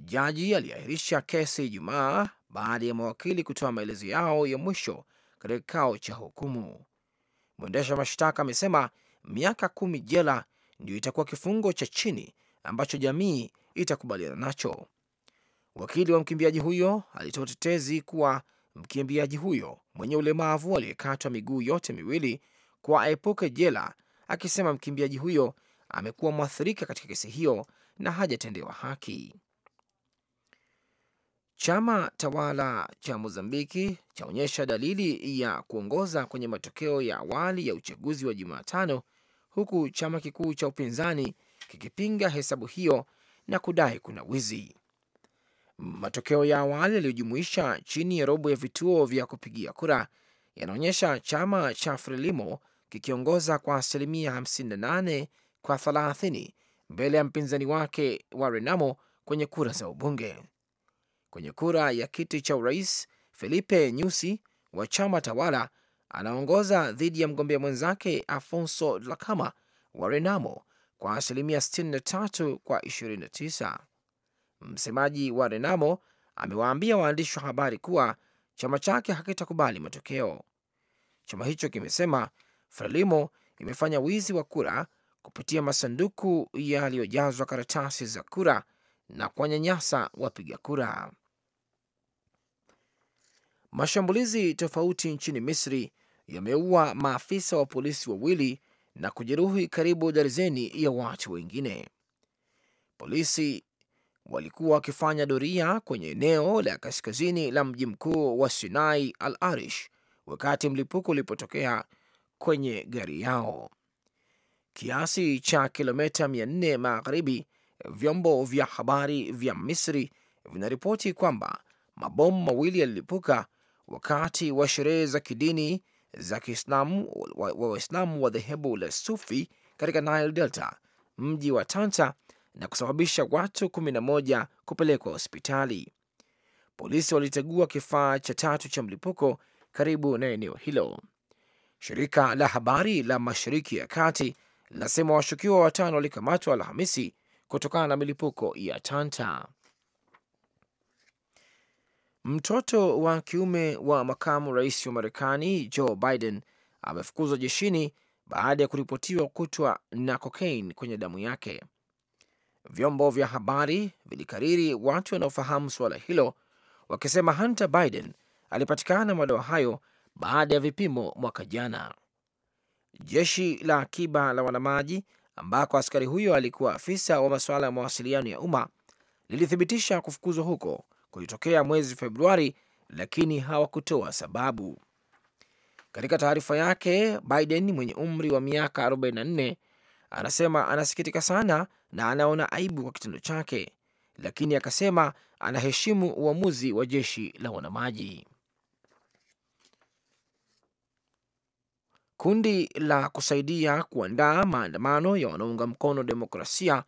Jaji aliahirisha kesi Ijumaa baada ya mawakili kutoa maelezo yao ya mwisho katika kikao cha hukumu. Mwendesha mashtaka amesema miaka kumi jela ndio itakuwa kifungo cha chini ambacho jamii itakubaliana nacho. Wakili wa mkimbiaji huyo alitoa utetezi kuwa mkimbiaji huyo mwenye ulemavu aliyekatwa miguu yote miwili kwa aepuke jela, akisema mkimbiaji huyo amekuwa mwathirika katika kesi hiyo na hajatendewa haki. Chama tawala cha Mozambiki chaonyesha dalili ya kuongoza kwenye matokeo ya awali ya uchaguzi wa Jumatano, huku chama kikuu cha upinzani kikipinga hesabu hiyo na kudai kuna wizi. Matokeo ya awali yaliyojumuisha chini ya robo ya vituo vya kupigia kura yanaonyesha chama cha Frelimo kikiongoza kwa asilimia 58 kwa 30 mbele ya mpinzani wake wa Renamo kwenye kura za ubunge. Kwenye kura ya kiti cha urais, Felipe Nyusi wa chama tawala anaongoza dhidi ya mgombea mwenzake Afonso Dhlakama wa Renamo kwa asilimia 63 kwa 29. Msemaji wa Renamo amewaambia waandishi wa habari kuwa chama chake hakitakubali matokeo. Chama hicho kimesema Frelimo imefanya wizi wa kura kupitia masanduku yaliyojazwa karatasi za kura na kuwanyanyasa wapiga kura. Mashambulizi tofauti nchini Misri yameua maafisa wa polisi wawili na kujeruhi karibu darzeni ya watu wengine. Polisi walikuwa wakifanya doria kwenye eneo la kaskazini la mji mkuu wa Sinai Al Arish wakati mlipuko ulipotokea kwenye gari yao. Kiasi cha kilomita 400 magharibi, vyombo vya habari vya Misri vinaripoti kwamba mabomu mawili yalilipuka wakati wa sherehe za kidini za Kiislamu wa Waislamu wa dhehebu la Sufi katika Nile Delta, mji wa Tanta na kusababisha watu 11 kupelekwa hospitali. Polisi walitegua kifaa cha tatu cha mlipuko karibu na eneo hilo. Shirika la habari la Mashariki ya Kati linasema washukiwa watano walikamatwa Alhamisi kutokana na milipuko ya Tanta. Mtoto wa kiume wa makamu rais wa Marekani Joe Biden amefukuzwa jeshini baada ya kuripotiwa kutwa na kokain kwenye damu yake. Vyombo vya habari vilikariri watu wanaofahamu suala hilo wakisema Hunter Biden alipatikana madawa hayo baada ya vipimo mwaka jana. Jeshi la akiba la wanamaji ambako askari huyo alikuwa afisa wa masuala ya mawasiliano ya umma lilithibitisha kufukuzwa huko kulitokea mwezi Februari, lakini hawakutoa sababu. Katika taarifa yake, Biden mwenye umri wa miaka 44 anasema anasikitika sana na anaona aibu kwa kitendo chake, lakini akasema anaheshimu uamuzi wa jeshi la wanamaji. Kundi la kusaidia kuandaa maandamano ya wanaunga mkono demokrasia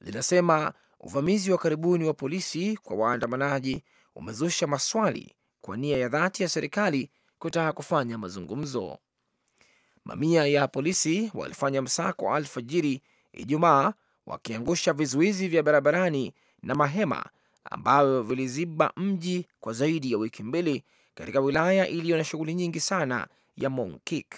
linasema uvamizi wa karibuni wa polisi kwa waandamanaji umezusha maswali kwa nia ya dhati ya serikali kutaka kufanya mazungumzo. Mamia ya polisi walifanya msako alfajiri Ijumaa wakiangusha vizuizi vya barabarani na mahema ambavyo viliziba mji kwa zaidi ya wiki mbili katika wilaya iliyo na shughuli nyingi sana ya Monkik.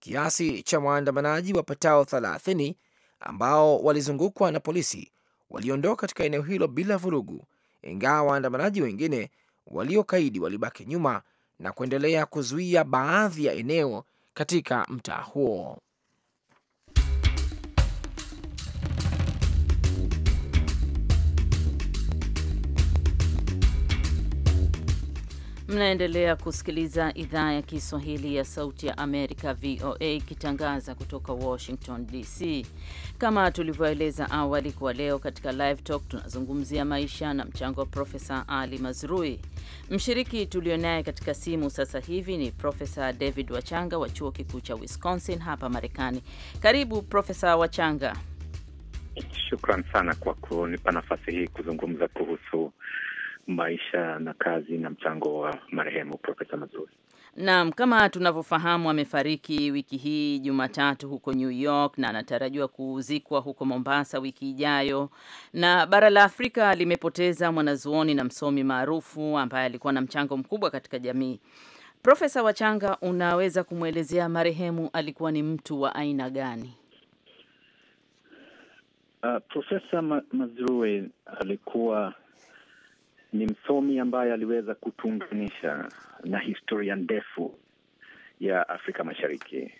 Kiasi cha waandamanaji wapatao 30 ambao walizungukwa na polisi waliondoka katika eneo hilo bila vurugu, ingawa waandamanaji wengine waliokaidi walibaki nyuma na kuendelea kuzuia baadhi ya eneo katika mtaa huo. Mnaendelea kusikiliza idhaa ya Kiswahili ya Sauti ya Amerika, VOA, ikitangaza kutoka Washington DC. Kama tulivyoeleza awali, kwa leo katika Live Talk tunazungumzia maisha na mchango wa Profesa Ali Mazrui. Mshiriki tulio naye katika simu sasa hivi ni Profesa David Wachanga wa chuo kikuu cha Wisconsin hapa Marekani. Karibu Profesa Wachanga. Shukran sana kwa kunipa nafasi hii kuzungumza kuhusu maisha na kazi na mchango wa marehemu Profesa Mazuri. Naam, kama tunavyofahamu amefariki wiki hii Jumatatu huko New York na anatarajiwa kuzikwa huko Mombasa wiki ijayo. Na bara la Afrika limepoteza mwanazuoni na msomi maarufu ambaye alikuwa na mchango mkubwa katika jamii. Profesa Wachanga, unaweza kumwelezea marehemu alikuwa ni mtu wa aina gani? Uh, Profesa Mazrui alikuwa ni msomi ambaye aliweza kutuunganisha na historia ndefu ya Afrika Mashariki.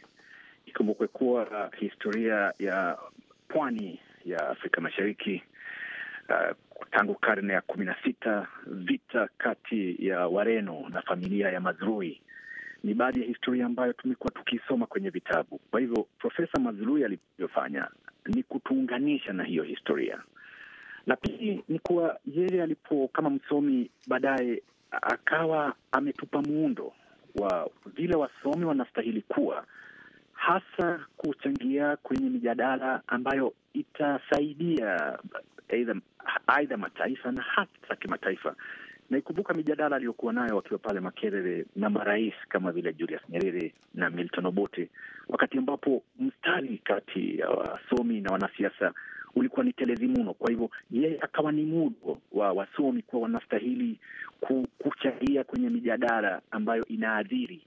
Ikumbukwe kuwa historia ya pwani ya Afrika Mashariki uh, tangu karne ya kumi na sita, vita kati ya Wareno na familia ya Mazrui ni baadhi ya historia ambayo tumekuwa tukisoma kwenye vitabu. Kwa hivyo Profesa Mazrui alivyofanya ni kutuunganisha na hiyo historia la pili ni kuwa yeye alipo kama msomi baadaye akawa ametupa muundo wa vile wasomi wanastahili kuwa, hasa kuchangia kwenye mijadala ambayo itasaidia aidha mataifa na hata kimataifa. Naikumbuka mijadala aliyokuwa nayo wakiwa pale Makerere na marais kama vile Julius Nyerere na Milton Obote, wakati ambapo mstari kati ya wasomi na wanasiasa ulikuwa ni telezi muno. Kwa hivyo yeye akawa ni mudo wa wasomi kuwa wanastahili kuchangia kwenye mijadala ambayo inaadhiri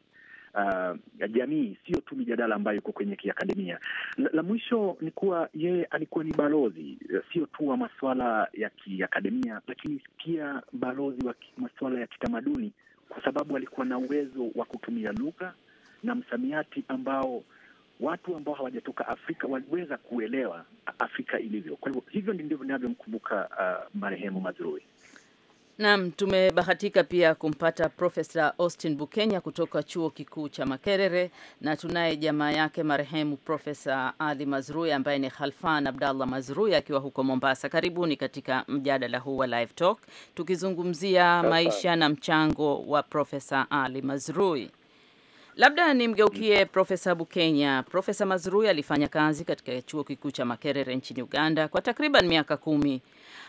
Uh, jamii sio tu mijadala ambayo iko kwenye kiakademia. La, la mwisho ni kuwa yeye alikuwa ni balozi sio tu wa masuala ya kiakademia, lakini pia balozi wa masuala ya kitamaduni, kwa sababu alikuwa na uwezo wa kutumia lugha na msamiati ambao watu ambao hawajatoka Afrika waliweza kuelewa Afrika ilivyo. Kwa hivyo hivyo ndivyo ninavyomkumbuka uh, marehemu Mazrui. Naam, tumebahatika pia kumpata Profesa Austin Bukenya kutoka chuo kikuu cha Makerere, na tunaye jamaa yake marehemu Profesa Ali Mazrui ambaye ni Khalfan Abdallah Mazrui akiwa huko Mombasa. Karibuni katika mjadala huu wa Live Talk tukizungumzia maisha na mchango wa Profesa Ali Mazrui. Labda nimgeukie Profesa Bukenya. Profesa Mazrui alifanya kazi katika chuo kikuu cha Makerere nchini Uganda kwa takriban miaka kumi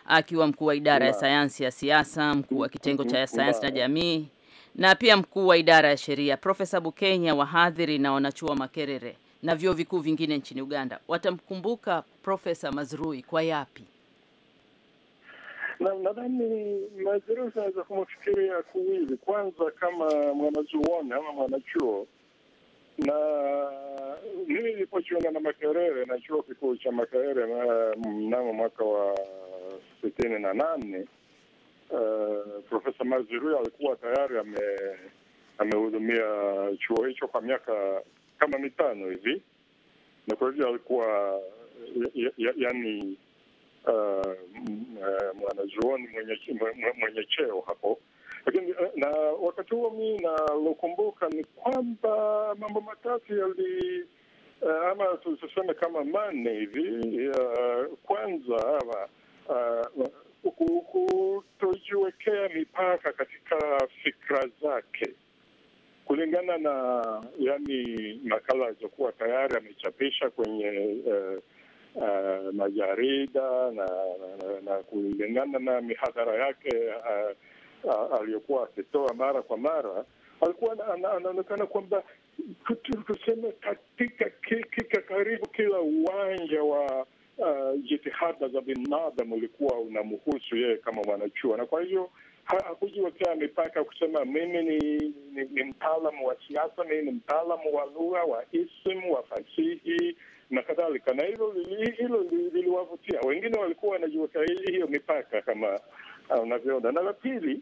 akiwa mkuu wa idara ya sayansi ya siasa, mkuu wa kitengo cha sayansi na jamii na pia mkuu wa idara ya sheria. Profesa Bukenya, wahadhiri na wanachuo wa Makerere na vyuo vikuu vingine nchini Uganda watamkumbuka Profesa Mazrui kwa yapi? Nadhani Majeruhi anaweza kumfikiria kuwili, kwanza kama mwanazuoni ama mwanachuo na mimi nilipojiunga na Makerere na chuo kikuu cha Makerere mnamo mwaka wa sitini na nane, uh, Profesa Mazirui alikuwa tayari amehudumia chuo hicho kwa miaka kama mitano hivi, na kwa hivyo alikuwa yaani ya, ya, Uh, uh, mwanazuoni mwenye, mwenye cheo hapo lakini uh, na wakati huo mi nalokumbuka ni kwamba mambo matatu yali uh, ama tuseme kama manne hivi uh, kwanza uh, kutojiwekea mipaka katika fikra zake kulingana na yani makala alizokuwa tayari amechapisha kwenye uh, uh, majarida na, na, na kulingana na mihadhara yake uh, uh, aliyokuwa akitoa mara kwa mara alikuwa anaonekana kwamba tuseme katika kika karibu kila uwanja wa uh, jitihada za binadam ulikuwa unamhusu yeye kama mwanachua na kwa hivyo hakujiwekea mipaka kusema mimi ni, ni, ni mtaalamu wa siasa, mimi ni mtaalamu wa lugha, wa isimu, wa fasihi na kadhalika, na hilo hilo liliwavutia wengine, walikuwa wanajiweka hiyo mipaka kama ah, unavyoona. Na la pili,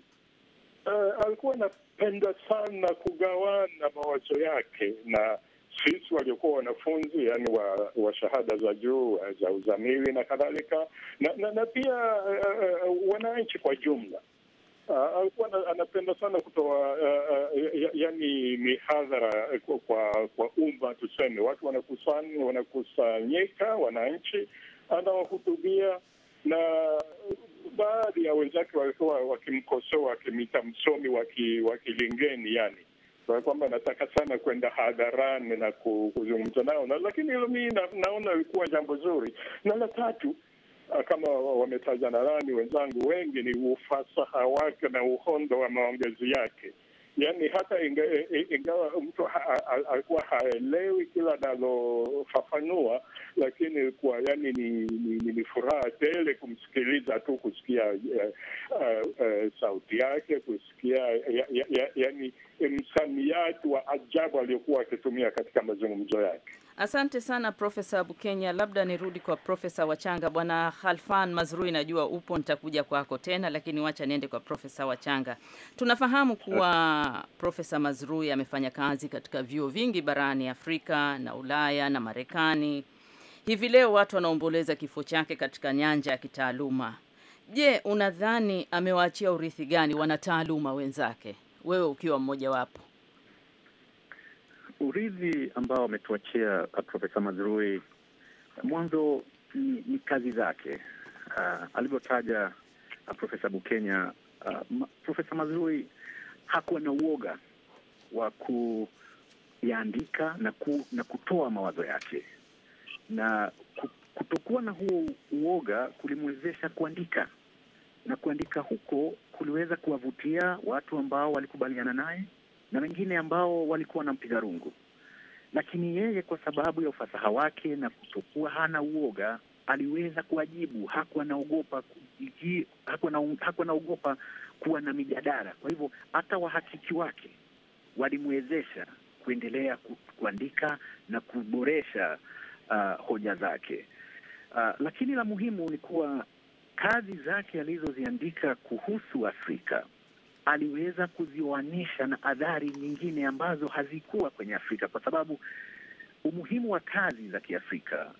uh, alikuwa anapenda sana kugawana mawazo yake na sisi waliokuwa wanafunzi yani wa, wa shahada za juu za uzamili na kadhalika, na, na, na pia uh, wananchi kwa jumla Ah, alikuwa uh, anapenda sana kutoa uh, uh, mihadhara eh, kwa, kwa, kwa umma tuseme, watu wanakusanya, wanakusanyika wananchi, anawahutubia na baadhi ya wenzake walikuwa wakimkosoa wakimita msomi wakilingeni, yani kwamba nataka sana kwenda hadharani na kuzungumza nao na, lakini hilo mi na, naona ilikuwa jambo zuri. Na la tatu Ah, kama wametaja nadhani wenzangu wengi, ni ufasaha wake na uhondo wa maongezi yake. Yani hata inga, ingawa mtu alikuwa haelewi kila analofafanua, lakini kwa yani ni, ni, ni, ni furaha tele kumsikiliza tu, kusikia uh, uh, uh, sauti yake, kusikia ya, ya, ya, yani msamiati wa ajabu aliyokuwa akitumia katika mazungumzo yake. Asante sana Profesa Bukenya. Labda nirudi kwa Profesa Wachanga. Bwana Khalfan Mazrui, najua upo, nitakuja kwako tena, lakini wacha niende kwa Profesa Wachanga. Tunafahamu kuwa Profesa Mazrui amefanya kazi katika vyuo vingi barani Afrika na Ulaya na Marekani. Hivi leo watu wanaomboleza kifo chake katika nyanja ya kitaaluma. Je, unadhani amewaachia urithi gani wanataaluma wenzake, wewe ukiwa mmojawapo? urithi ambao ametuachia uh, Profesa Mazrui mwanzo ni, ni kazi zake uh, alivyotaja uh, Profesa Bukenya uh, Profesa Mazrui hakuwa na uoga wa kuyaandika na, ku, na kutoa mawazo yake na kutokuwa na huo uoga kulimwezesha kuandika na kuandika huko kuliweza kuwavutia watu ambao walikubaliana naye na wengine ambao walikuwa na mpiga rungu, lakini yeye kwa sababu ya ufasaha wake na kutokuwa hana uoga aliweza kuwajibu. Hakuwa naogopa hakuwa na, hakuwa naogopa kuwa na mijadala. Kwa hivyo hata wahakiki wake walimwezesha kuendelea kuandika na kuboresha uh, hoja zake uh, lakini la muhimu ni kuwa kazi zake alizoziandika kuhusu Afrika aliweza kuzioanisha na adhari nyingine ambazo hazikuwa kwenye Afrika, kwa sababu umuhimu wa kazi za Kiafrika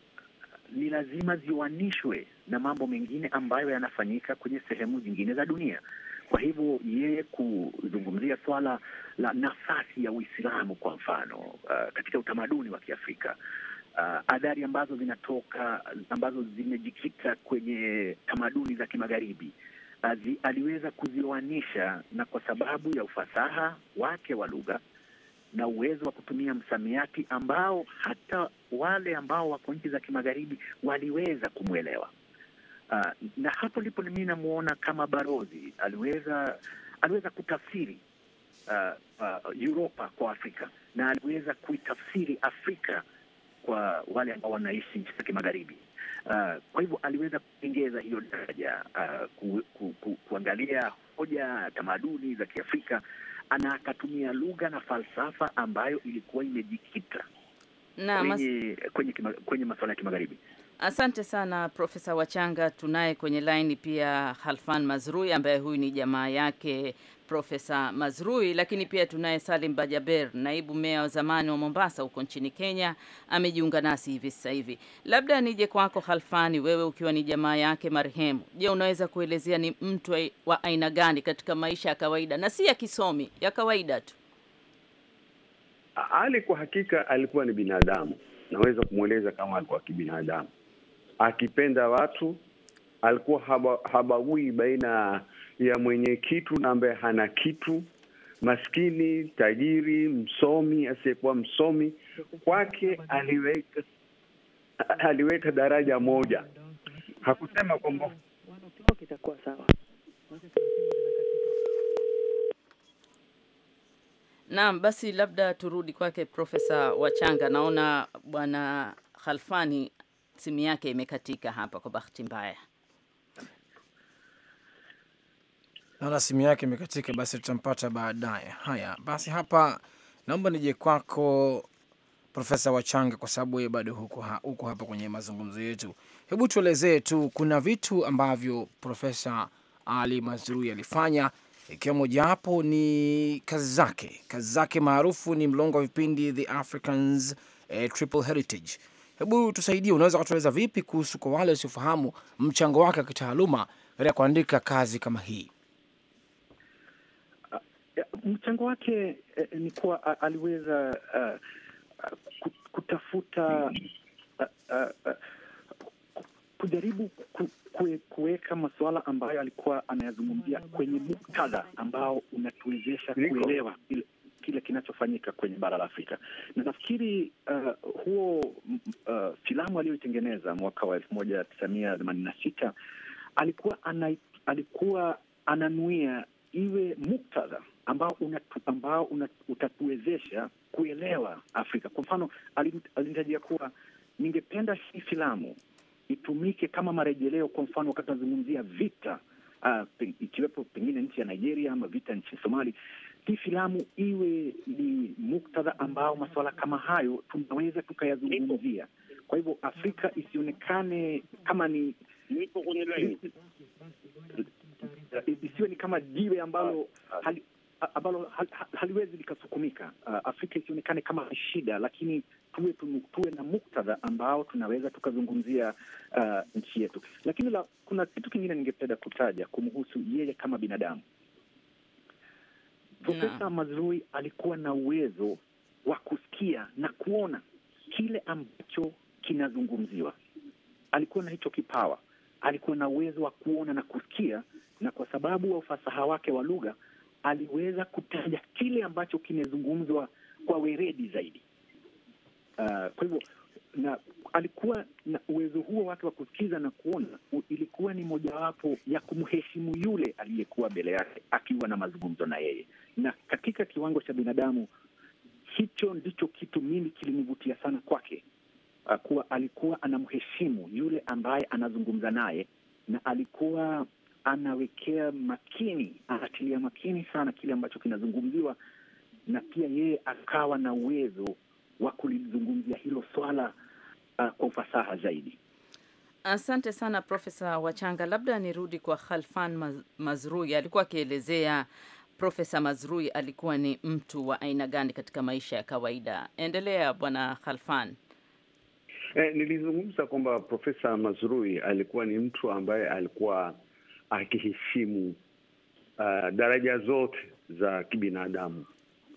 ni lazima zioanishwe na mambo mengine ambayo yanafanyika kwenye sehemu zingine za dunia. Kwa hivyo yeye kuzungumzia swala la nafasi ya Uislamu kwa mfano uh, katika utamaduni wa Kiafrika uh, adhari ambazo zinatoka ambazo zimejikita kwenye tamaduni za Kimagharibi azi, aliweza kuzioanisha, na kwa sababu ya ufasaha wake wa lugha na uwezo wa kutumia msamiati ambao hata wale ambao wako nchi za kimagharibi waliweza kumwelewa. Uh, na hapo ndipo mimi namwona kama barozi, aliweza aliweza kutafsiri uh, uh, kwa Afrika na aliweza kuitafsiri Afrika kwa wale ambao wanaishi nchi za kimagharibi. Uh, kwa hivyo aliweza kupengeza hiyo daraja uh, ku, ku, ku, kuangalia hoja tamaduni za Kiafrika na akatumia lugha na falsafa ambayo ilikuwa imejikita na, kwenye, mas... kwenye, kwenye masuala ya kimagharibi. Asante sana Profesa Wachanga. Tunaye kwenye laini pia Halfan Mazrui ambaye huyu ni jamaa yake Profesa Mazrui, lakini pia tunaye Salim Bajaber, naibu meya wa zamani wa Mombasa huko nchini Kenya, amejiunga nasi hivi sasa hivi. Labda nije kwako Halfani, wewe ukiwa ni jamaa yake marehemu, je, unaweza kuelezea ni mtu wa aina gani katika maisha ya kawaida na si ya kisomi, ya kawaida tu? Ali kwa hakika alikuwa ni binadamu, naweza kumweleza kama alikuwa kibinadamu akipenda watu alikuwa haba, habagui baina ya mwenye kitu na ambaye hana kitu, maskini, tajiri, msomi, asiyekuwa msomi, kwake aliweka aliweka daraja moja. Hakusema kwamba itakuwa sawa. Naam, basi labda turudi kwake Profesa Wachanga. Naona Bwana Khalfani simu yake imekatika hapa kwa bahati mbaya. Naona simu yake imekatika, basi tutampata baadaye. Haya basi, hapa naomba nije kwako Profesa Wachanga, kwa sababu yeye bado huko, ha, huko hapa kwenye mazungumzo yetu. Hebu tuelezee tu, kuna vitu ambavyo Profesa Ali Mazrui alifanya ikiwa mojawapo ni kazi zake. Kazi zake maarufu ni mlongo wa vipindi The Africans eh, Triple Heritage Hebu tusaidie, unaweza kutueleza vipi kuhusu kwa wale wasiofahamu mchango wake wa kitaaluma katika kuandika kazi kama hii? Mchango wake eh, eh ni kuwa aliweza uh, kutafuta uh, uh, uh, kujaribu kuweka masuala ambayo alikuwa anayazungumzia kwenye muktadha ambao unatuwezesha kuelewa kile kinachofanyika kwenye bara la Afrika, na nafikiri uh, huo uh, filamu aliyoitengeneza mwaka wa elfu moja tisa mia themanini na sita alikuwa ana, alikuwa ananuia iwe muktadha ambao unatu, ambao utatuwezesha kuelewa Afrika. Kwa mfano, alinitajia kuwa ningependa hii filamu itumike kama marejeleo, kwa mfano wakati unazungumzia vita uh, ikiwepo pengine nchi ya Nigeria ama vita nchini Somali, hii filamu iwe ni muktadha ambao masuala kama hayo tunaweza tukayazungumzia. Kwa hivyo Afrika isionekane kama ni nipo kwenye laini, isiwe ni kama jiwe ambalo hali, ambalo haliwezi likasukumika. Ah, Afrika isionekane kama ni shida, lakini tuwe tuwe na muktadha ambao tunaweza tukazungumzia uh, nchi yetu. Lakini la, kuna kitu kingine ningependa kutaja kumhusu yeye kama binadamu Profesa Mazrui alikuwa na uwezo wa kusikia na kuona kile ambacho kinazungumziwa. Alikuwa na hicho kipawa, alikuwa na uwezo wa kuona na kusikia, na kwa sababu wa ufasaha wake wa lugha aliweza kutaja kile ambacho kimezungumzwa kwa weredi zaidi. Uh, kwa hivyo na alikuwa na uwezo huo wake wa kusikiza na kuona, ilikuwa ni mojawapo ya kumheshimu yule aliyekuwa mbele yake akiwa na mazungumzo na yeye. Na katika kiwango cha binadamu, hicho ndicho kitu mimi kilinivutia sana kwake, uh, kuwa alikuwa anamheshimu yule ambaye anazungumza naye, na alikuwa anawekea makini, anatilia makini sana kile ambacho kinazungumziwa, na pia yeye akawa na uwezo wa kulizungumzia hilo swala uh, kwa ufasaha zaidi. Asante sana Profesa Wachanga. Labda nirudi kwa Khalfan Mazrui, alikuwa akielezea Profesa Mazrui alikuwa ni mtu wa aina gani katika maisha ya kawaida. Endelea Bwana Khalfan. E, nilizungumza kwamba Profesa Mazrui alikuwa ni mtu ambaye alikuwa akiheshimu uh, daraja zote za kibinadamu,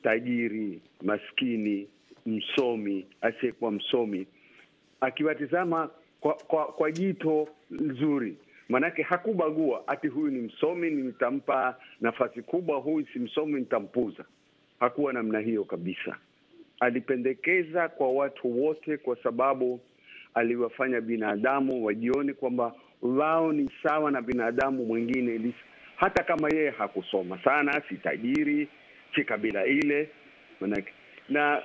tajiri, maskini, msomi asiyekuwa msomi akiwatizama kwa, kwa, kwa jito nzuri maanake hakubagua ati huyu ni msomi nitampa nafasi kubwa, huyu si msomi nitampuza. Hakuwa namna hiyo kabisa. Alipendekeza kwa watu wote, kwa sababu aliwafanya binadamu wajione kwamba wao ni sawa na binadamu mwingine, hata kama yeye hakusoma sana, si tajiri, si kabila ile, maanake na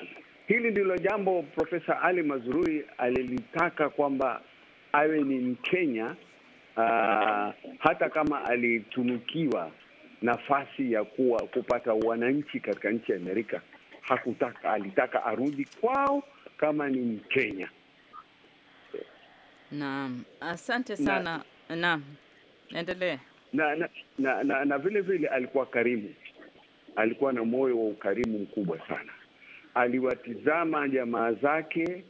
Hili ndilo jambo Profesa Ali Mazrui alilitaka kwamba awe ni Mkenya uh, hata kama alitunukiwa nafasi ya kuwa kupata wananchi katika nchi ya Amerika hakutaka, alitaka arudi kwao kama ni Mkenya. Naam, asante sana. Naam, endelee. Na na, na, na, na vile vile alikuwa karimu, alikuwa na moyo wa ukarimu mkubwa sana aliwatizama jamaa zake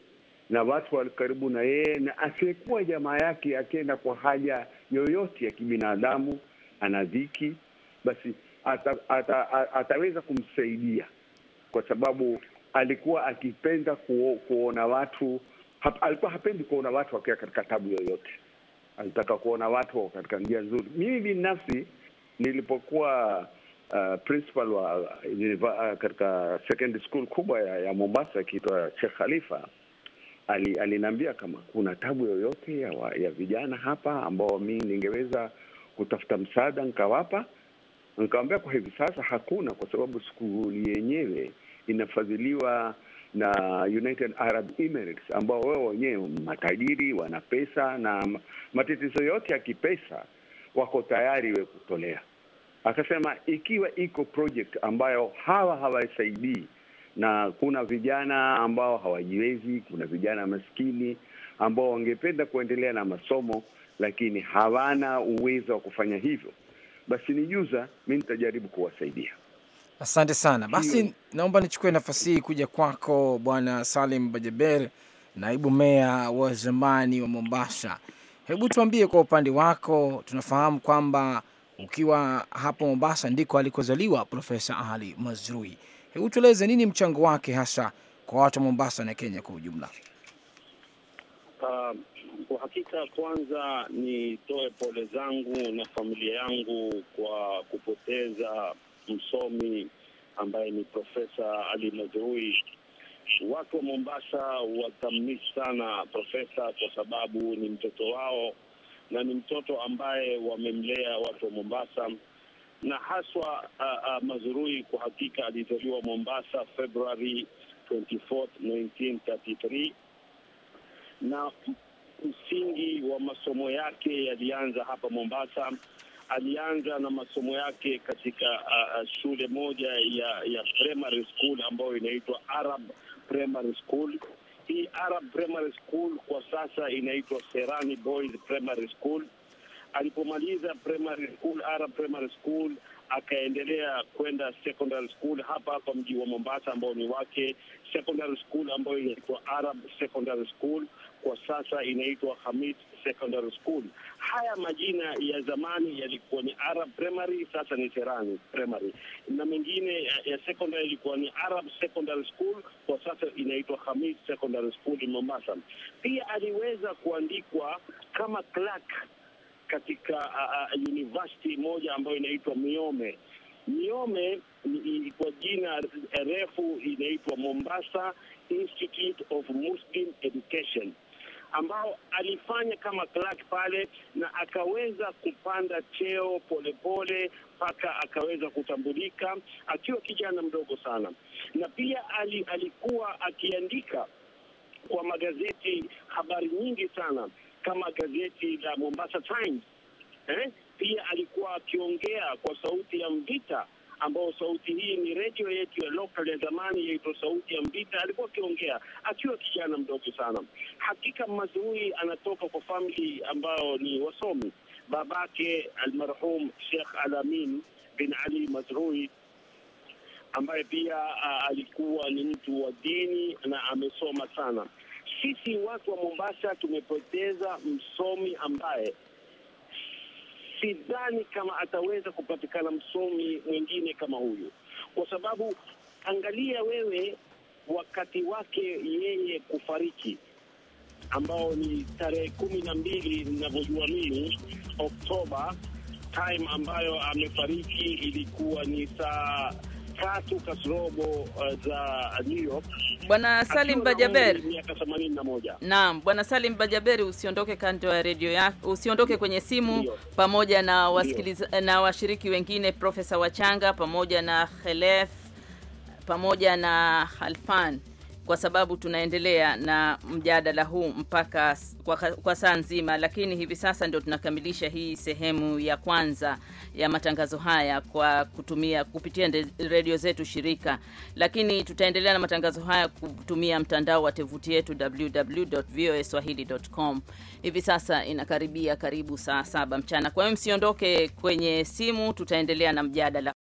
na watu wa karibu na yeye na asiyekuwa jamaa yake akienda kwa haja yoyote ya kibinadamu, ana dhiki, basi ata, ata, ata, ataweza kumsaidia kwa sababu alikuwa akipenda kuona watu hap, alikuwa hapendi kuona watu wakiwa katika tabu yoyote. Alitaka kuona watu katika njia nzuri. Mimi binafsi nilipokuwa uh, principal wa uh, katika second school kubwa ya, ya Mombasa akiitwa Sheikh Khalifa aliniambia kama kuna tabu yoyote ya, ya vijana hapa ambao mi ningeweza kutafuta msaada nikawapa. Nikamwambia kwa hivi sasa hakuna, kwa sababu skuli yenyewe inafadhiliwa na United Arab Emirates ambao wao wenyewe matajiri, wana pesa na matatizo yote ya kipesa wako tayari we kutolea akasema ikiwa iko project ambayo hawa hawasaidii na kuna vijana ambao hawajiwezi, kuna vijana maskini ambao wangependa kuendelea na masomo lakini hawana uwezo wa kufanya hivyo, basi ni juza, mi nitajaribu kuwasaidia. Asante sana. Basi naomba nichukue nafasi hii kuja kwako Bwana Salim Bajaber, naibu meya wa zamani wa Mombasa. Hebu tuambie kwa upande wako, tunafahamu kwamba ukiwa hapo Mombasa ndiko alikozaliwa Profesa Ali Mazrui. Hebu tueleze nini mchango wake hasa kwa watu wa Mombasa na Kenya kwa ujumla? Uh, kwa hakika kwanza nitoe pole zangu na familia yangu kwa kupoteza msomi ambaye ni Profesa Ali Mazrui. Watu wa Mombasa watamisi sana Profesa kwa sababu ni mtoto wao na ni mtoto ambaye wamemlea watu wa Mombasa na haswa uh, uh, Mazurui kwa hakika alizaliwa Mombasa Februari 24, 1933 na msingi wa masomo yake yalianza hapa Mombasa. Alianza na masomo yake katika uh, shule moja ya, ya primary school ambayo inaitwa Arab Primary School hii Arab Primary School kwa sasa inaitwa Serani Boys Primary School. Alipomaliza primary school, Arab Primary School, akaendelea kwenda secondary school hapa hapa mji wa Mombasa ambao ni wake, secondary school ambayo inaitwa Arab Secondary School, kwa sasa inaitwa Hamid Secondary School. Haya majina ya zamani yalikuwa ni Arab Primary, sasa ni Serani Primary, na mengine ya, secondary ilikuwa ni Arab Secondary School, kwa sasa inaitwa Hamis Secondary School in Mombasa. Pia aliweza kuandikwa kama clerk katika uh, uh, university moja ambayo inaitwa Miome. Miome kwa jina refu inaitwa Mombasa Institute of Muslim Education ambao alifanya kama clerk pale na akaweza kupanda cheo polepole mpaka pole, akaweza kutambulika akiwa kijana mdogo sana, na pia ali, alikuwa akiandika kwa magazeti habari nyingi sana kama gazeti la Mombasa Times eh? Pia alikuwa akiongea kwa sauti ya mvita ambao sauti hii ni redio yetu ya local ya zamani yaitwa Sauti ya Mbita. Alikuwa akiongea akiwa kijana mdogo sana. Hakika Mazrui anatoka kwa famili ambao ni wasomi. Babake almarhum Sheikh Alamin bin Ali Mazrui ambaye pia uh, alikuwa ni mtu wa dini na amesoma sana. Sisi watu wa Mombasa tumepoteza msomi ambaye sidhani kama ataweza kupatikana msomi mwingine kama huyu, kwa sababu angalia wewe wakati wake yeye kufariki ambao ni tarehe kumi na mbili ninavyojua mimi Oktoba, time ambayo amefariki ilikuwa ni saa tatu kasrobo uh, za New York. Bwana Salim Bajaber, miaka 81. Naam, Bwana Salim Bajaber, usiondoke kando ya redio yako, usiondoke kwenye simu Ndiyo. pamoja na wasikiliza, na washiriki wengine Profesa Wachanga pamoja na Khelef pamoja na Halfan kwa sababu tunaendelea na mjadala huu mpaka kwa, kwa saa nzima, lakini hivi sasa ndio tunakamilisha hii sehemu ya kwanza ya matangazo haya kwa kutumia kupitia redio zetu shirika, lakini tutaendelea na matangazo haya kutumia mtandao wa tovuti yetu www.voaswahili.com. Hivi sasa inakaribia karibu saa saba mchana, kwa hiyo msiondoke kwenye simu, tutaendelea na mjadala.